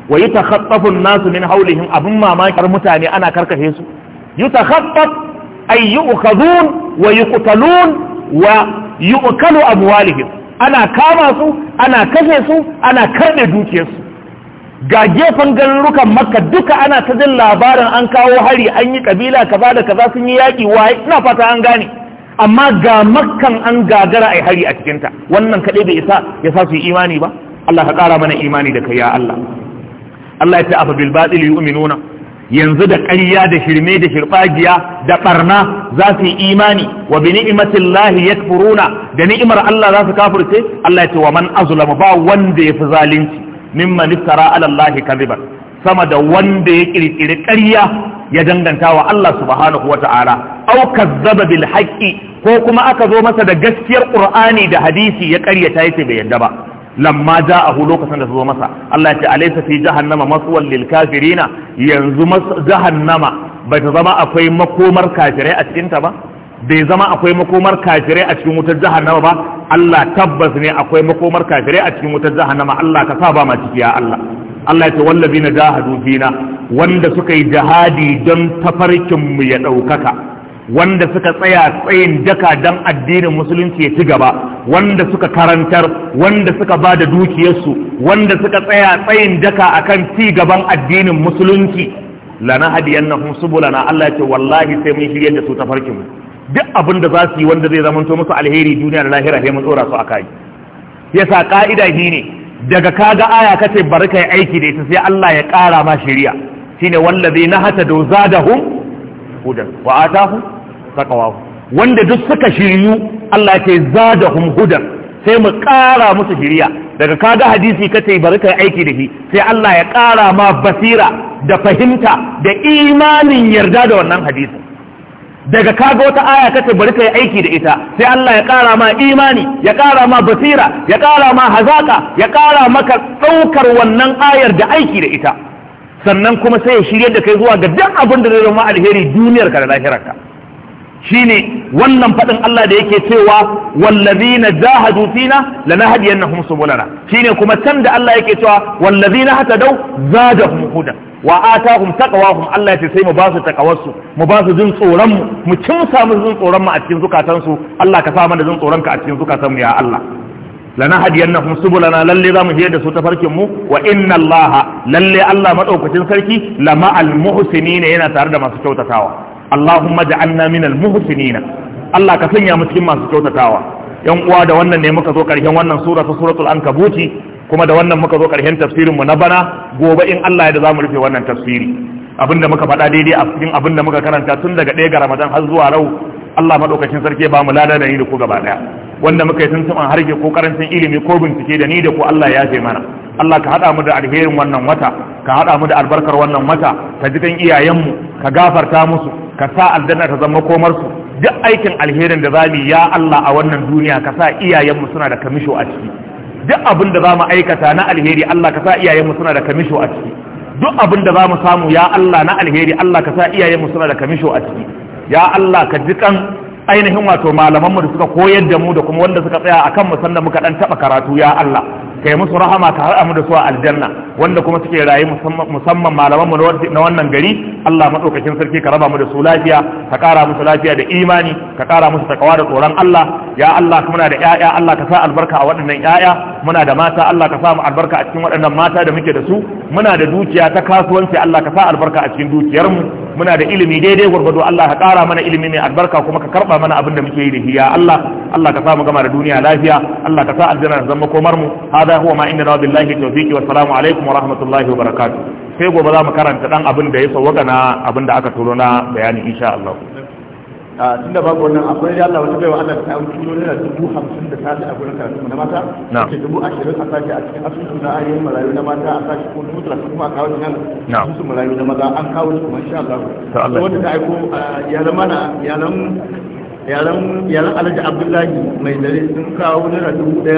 wa yi takhattafun nasu min haulihin abin mamakar mutane ana karkashe su yi takhattaf ay yu'khadun wa yuqtalun wa yu'kalu amwalihim ana kama su ana kashe su ana karbe dukiyarsu ga gefen garurukan makka duka ana ta jin labarin an kawo hari an yi kabila kaza da kaza sun yi yaƙi waye ina fata an gane amma ga makkan an gagara a hari a cikinta wannan kaɗai bai isa ya sa su yi imani ba Allah ka ƙara mana imani da kai ya Allah Allah ya ce afa bil batil yu'minuna yanzu da ƙarya da shirme da shirɓagiya da ɓarna za su yi imani wa bi ni'matillahi furuna da ni'imar Allah za su kafirce Allah ya ce wa man azlama ba wanda ya fi zalunci mimman iftara ala Allah kadhiban sama da wanda ya kirkiri ƙarya ya danganta wa Allah subhanahu ta'ala au kazzaba bil haqqi ko kuma aka zo masa da gaskiyar Qur'ani da hadisi ya ƙaryata yace bai yarda ba lamma ja'ahu lokacin da su zo masa Allah ya ce alaysa fi jahannama maswal lil kafirina yanzu jahannama bai ta zama akwai makomar kafirai a cikinta ba bai zama akwai makomar kafirai a cikin wutar jahannama ba Allah tabbas ne akwai makomar kafirai a cikin wutar jahannama Allah ka sa ba ma ciki ya Allah Allah ya ce wallazina jahadu fina wanda suka yi jihadi don tafarkin mu ya daukaka wanda suka tsaya tsayin daka don addinin musulunci ya ci gaba wanda suka karantar wanda suka ba da dukiyarsu wanda suka tsaya tsayin daka akan ci gaban addinin musulunci lana hadiyan na subulana Allah ce wallahi sai mun shirye da su ta farkin mu duk abin da za su yi wanda zai zamanto musu alheri duniya da lahira sai mun tsora su akai yasa ka'ida shi ne daga kaga aya kace bari kai aiki da ita sai Allah ya kara ma shari'a shine wallazi nahata dozadahum hudan wa atahum taqwa wanda duk suka shiryu Allah ya ce da hudan sai mu ƙara musu shirya daga kaga hadisi kace bari kai aiki da shi sai Allah ya ƙara ma basira da fahimta da imanin yarda da wannan hadisin daga kaga wata aya kace bari kai aiki da ita sai Allah ya ƙara ma imani ya ƙara ma basira ya ƙara ma hazaka ya ƙara maka ɗaukar wannan ayar da aiki da ita sannan kuma sai ya shirya da kai zuwa ga duk abin da zai zama alheri duniyarka da lahirarka shine wannan faɗin Allah da yake cewa wallazina jahadu fina lanahdiyannahum subulana shine kuma can da Allah yake cewa wallazina hatadaw zadahum hudan wa atahum taqwahum Allah yace sai mu ba su takawarsu mu ba su jin tsoron mu mu kimsa mu jin tsoron mu a cikin zukatansu Allah ka sa mana jin tsoron ka a cikin zukatan mu ya Allah lanahdiyannahum subulana lalle mu hiyar da su ta farkin mu wa inna Allah lalle Allah madaukakin sarki lama al muhsinina yana tare da masu kyautatawa Allahumma ja'alna minal muhsinina Allah ka sanya mu cikin masu kyautatawa yan uwa da wannan ne muka zo karshen wannan sura ta suratul ankabuti kuma da wannan muka zo karshen tafsirin mu na bana gobe in Allah ya da zamu rufe wannan tafsiri abinda muka faɗa daidai a cikin abinda muka karanta tun daga ɗaya ga Ramadan har zuwa rau Allah madaukakin sarki ba mu lada da ni da ku gaba daya wanda muka yi tuntuɓan harke ko karancin ilimi ko bincike da ni da ku Allah ya mana Allah ka haɗa mu da alherin wannan wata ka haɗa mu da albarkar wannan wata ka ji iyayenmu ka gafarta musu ka sa aljanna ta zama komarsu duk aikin alherin da mu ya Allah a wannan duniya ka sa iyayenmu suna da kamisho a ciki duk abin da mu aikata na alheri Allah ka sa iyayenmu suna da kamisho a ciki duk abin da mu samu ya Allah na alheri Allah ka sa iyayenmu suna da kamisho a ciki ya Allah ka kan ainihin wato malamanmu da suka koyar da mu da kuma wanda suka tsaya akan mu sanda muka dan taba karatu ya Allah kai musu rahama ka har amu da su a aljanna wanda kuma suke rayu musamman malaman mu na wannan gari Allah madaukakin sarki ka raba mu da su lafiya ka kara musu lafiya da imani ka kara musu takawa da tsoron Allah ya Allah muna da 'ya'ya, Allah ka sa albarka a waɗannan 'ya'ya, muna da mata Allah ka sa mu albarka a cikin waɗannan mata da muke da su muna da dukiya ta kasuwanci Allah ka sa albarka a cikin dukiyar mu muna da ilimi daidai gwargwado Allah ka kara mana ilimi mai albarka kuma ka karba mana abin da muke yi da shi Allah Allah ka sa mu gama da duniya lafiya Allah ka sa aljanna zama komar mu hada huwa ma inna billahi tawfiqi wa salamu alaikum wa rahmatullahi wa barakatuh sai gobe za mu karanta dan abin da ya sawwaka na abin da aka turo na bayani insha Allah tun da babu wannan akwai da Allah wata baiwa Allah ta wuce dole na dubu hamsin da ta a gurin karatu na mata ke dubu ashirin a sashi a cikin asusu na ayyukan marayu na mata a sashi ko dubu talatin kuma a kawo nan asusu marayu na maza an kawo shi kuma insha Allah wanda ta aiko yaran mana yaran yaran yaran Alhaji Abdullahi mai dare sun kawo na dubu daya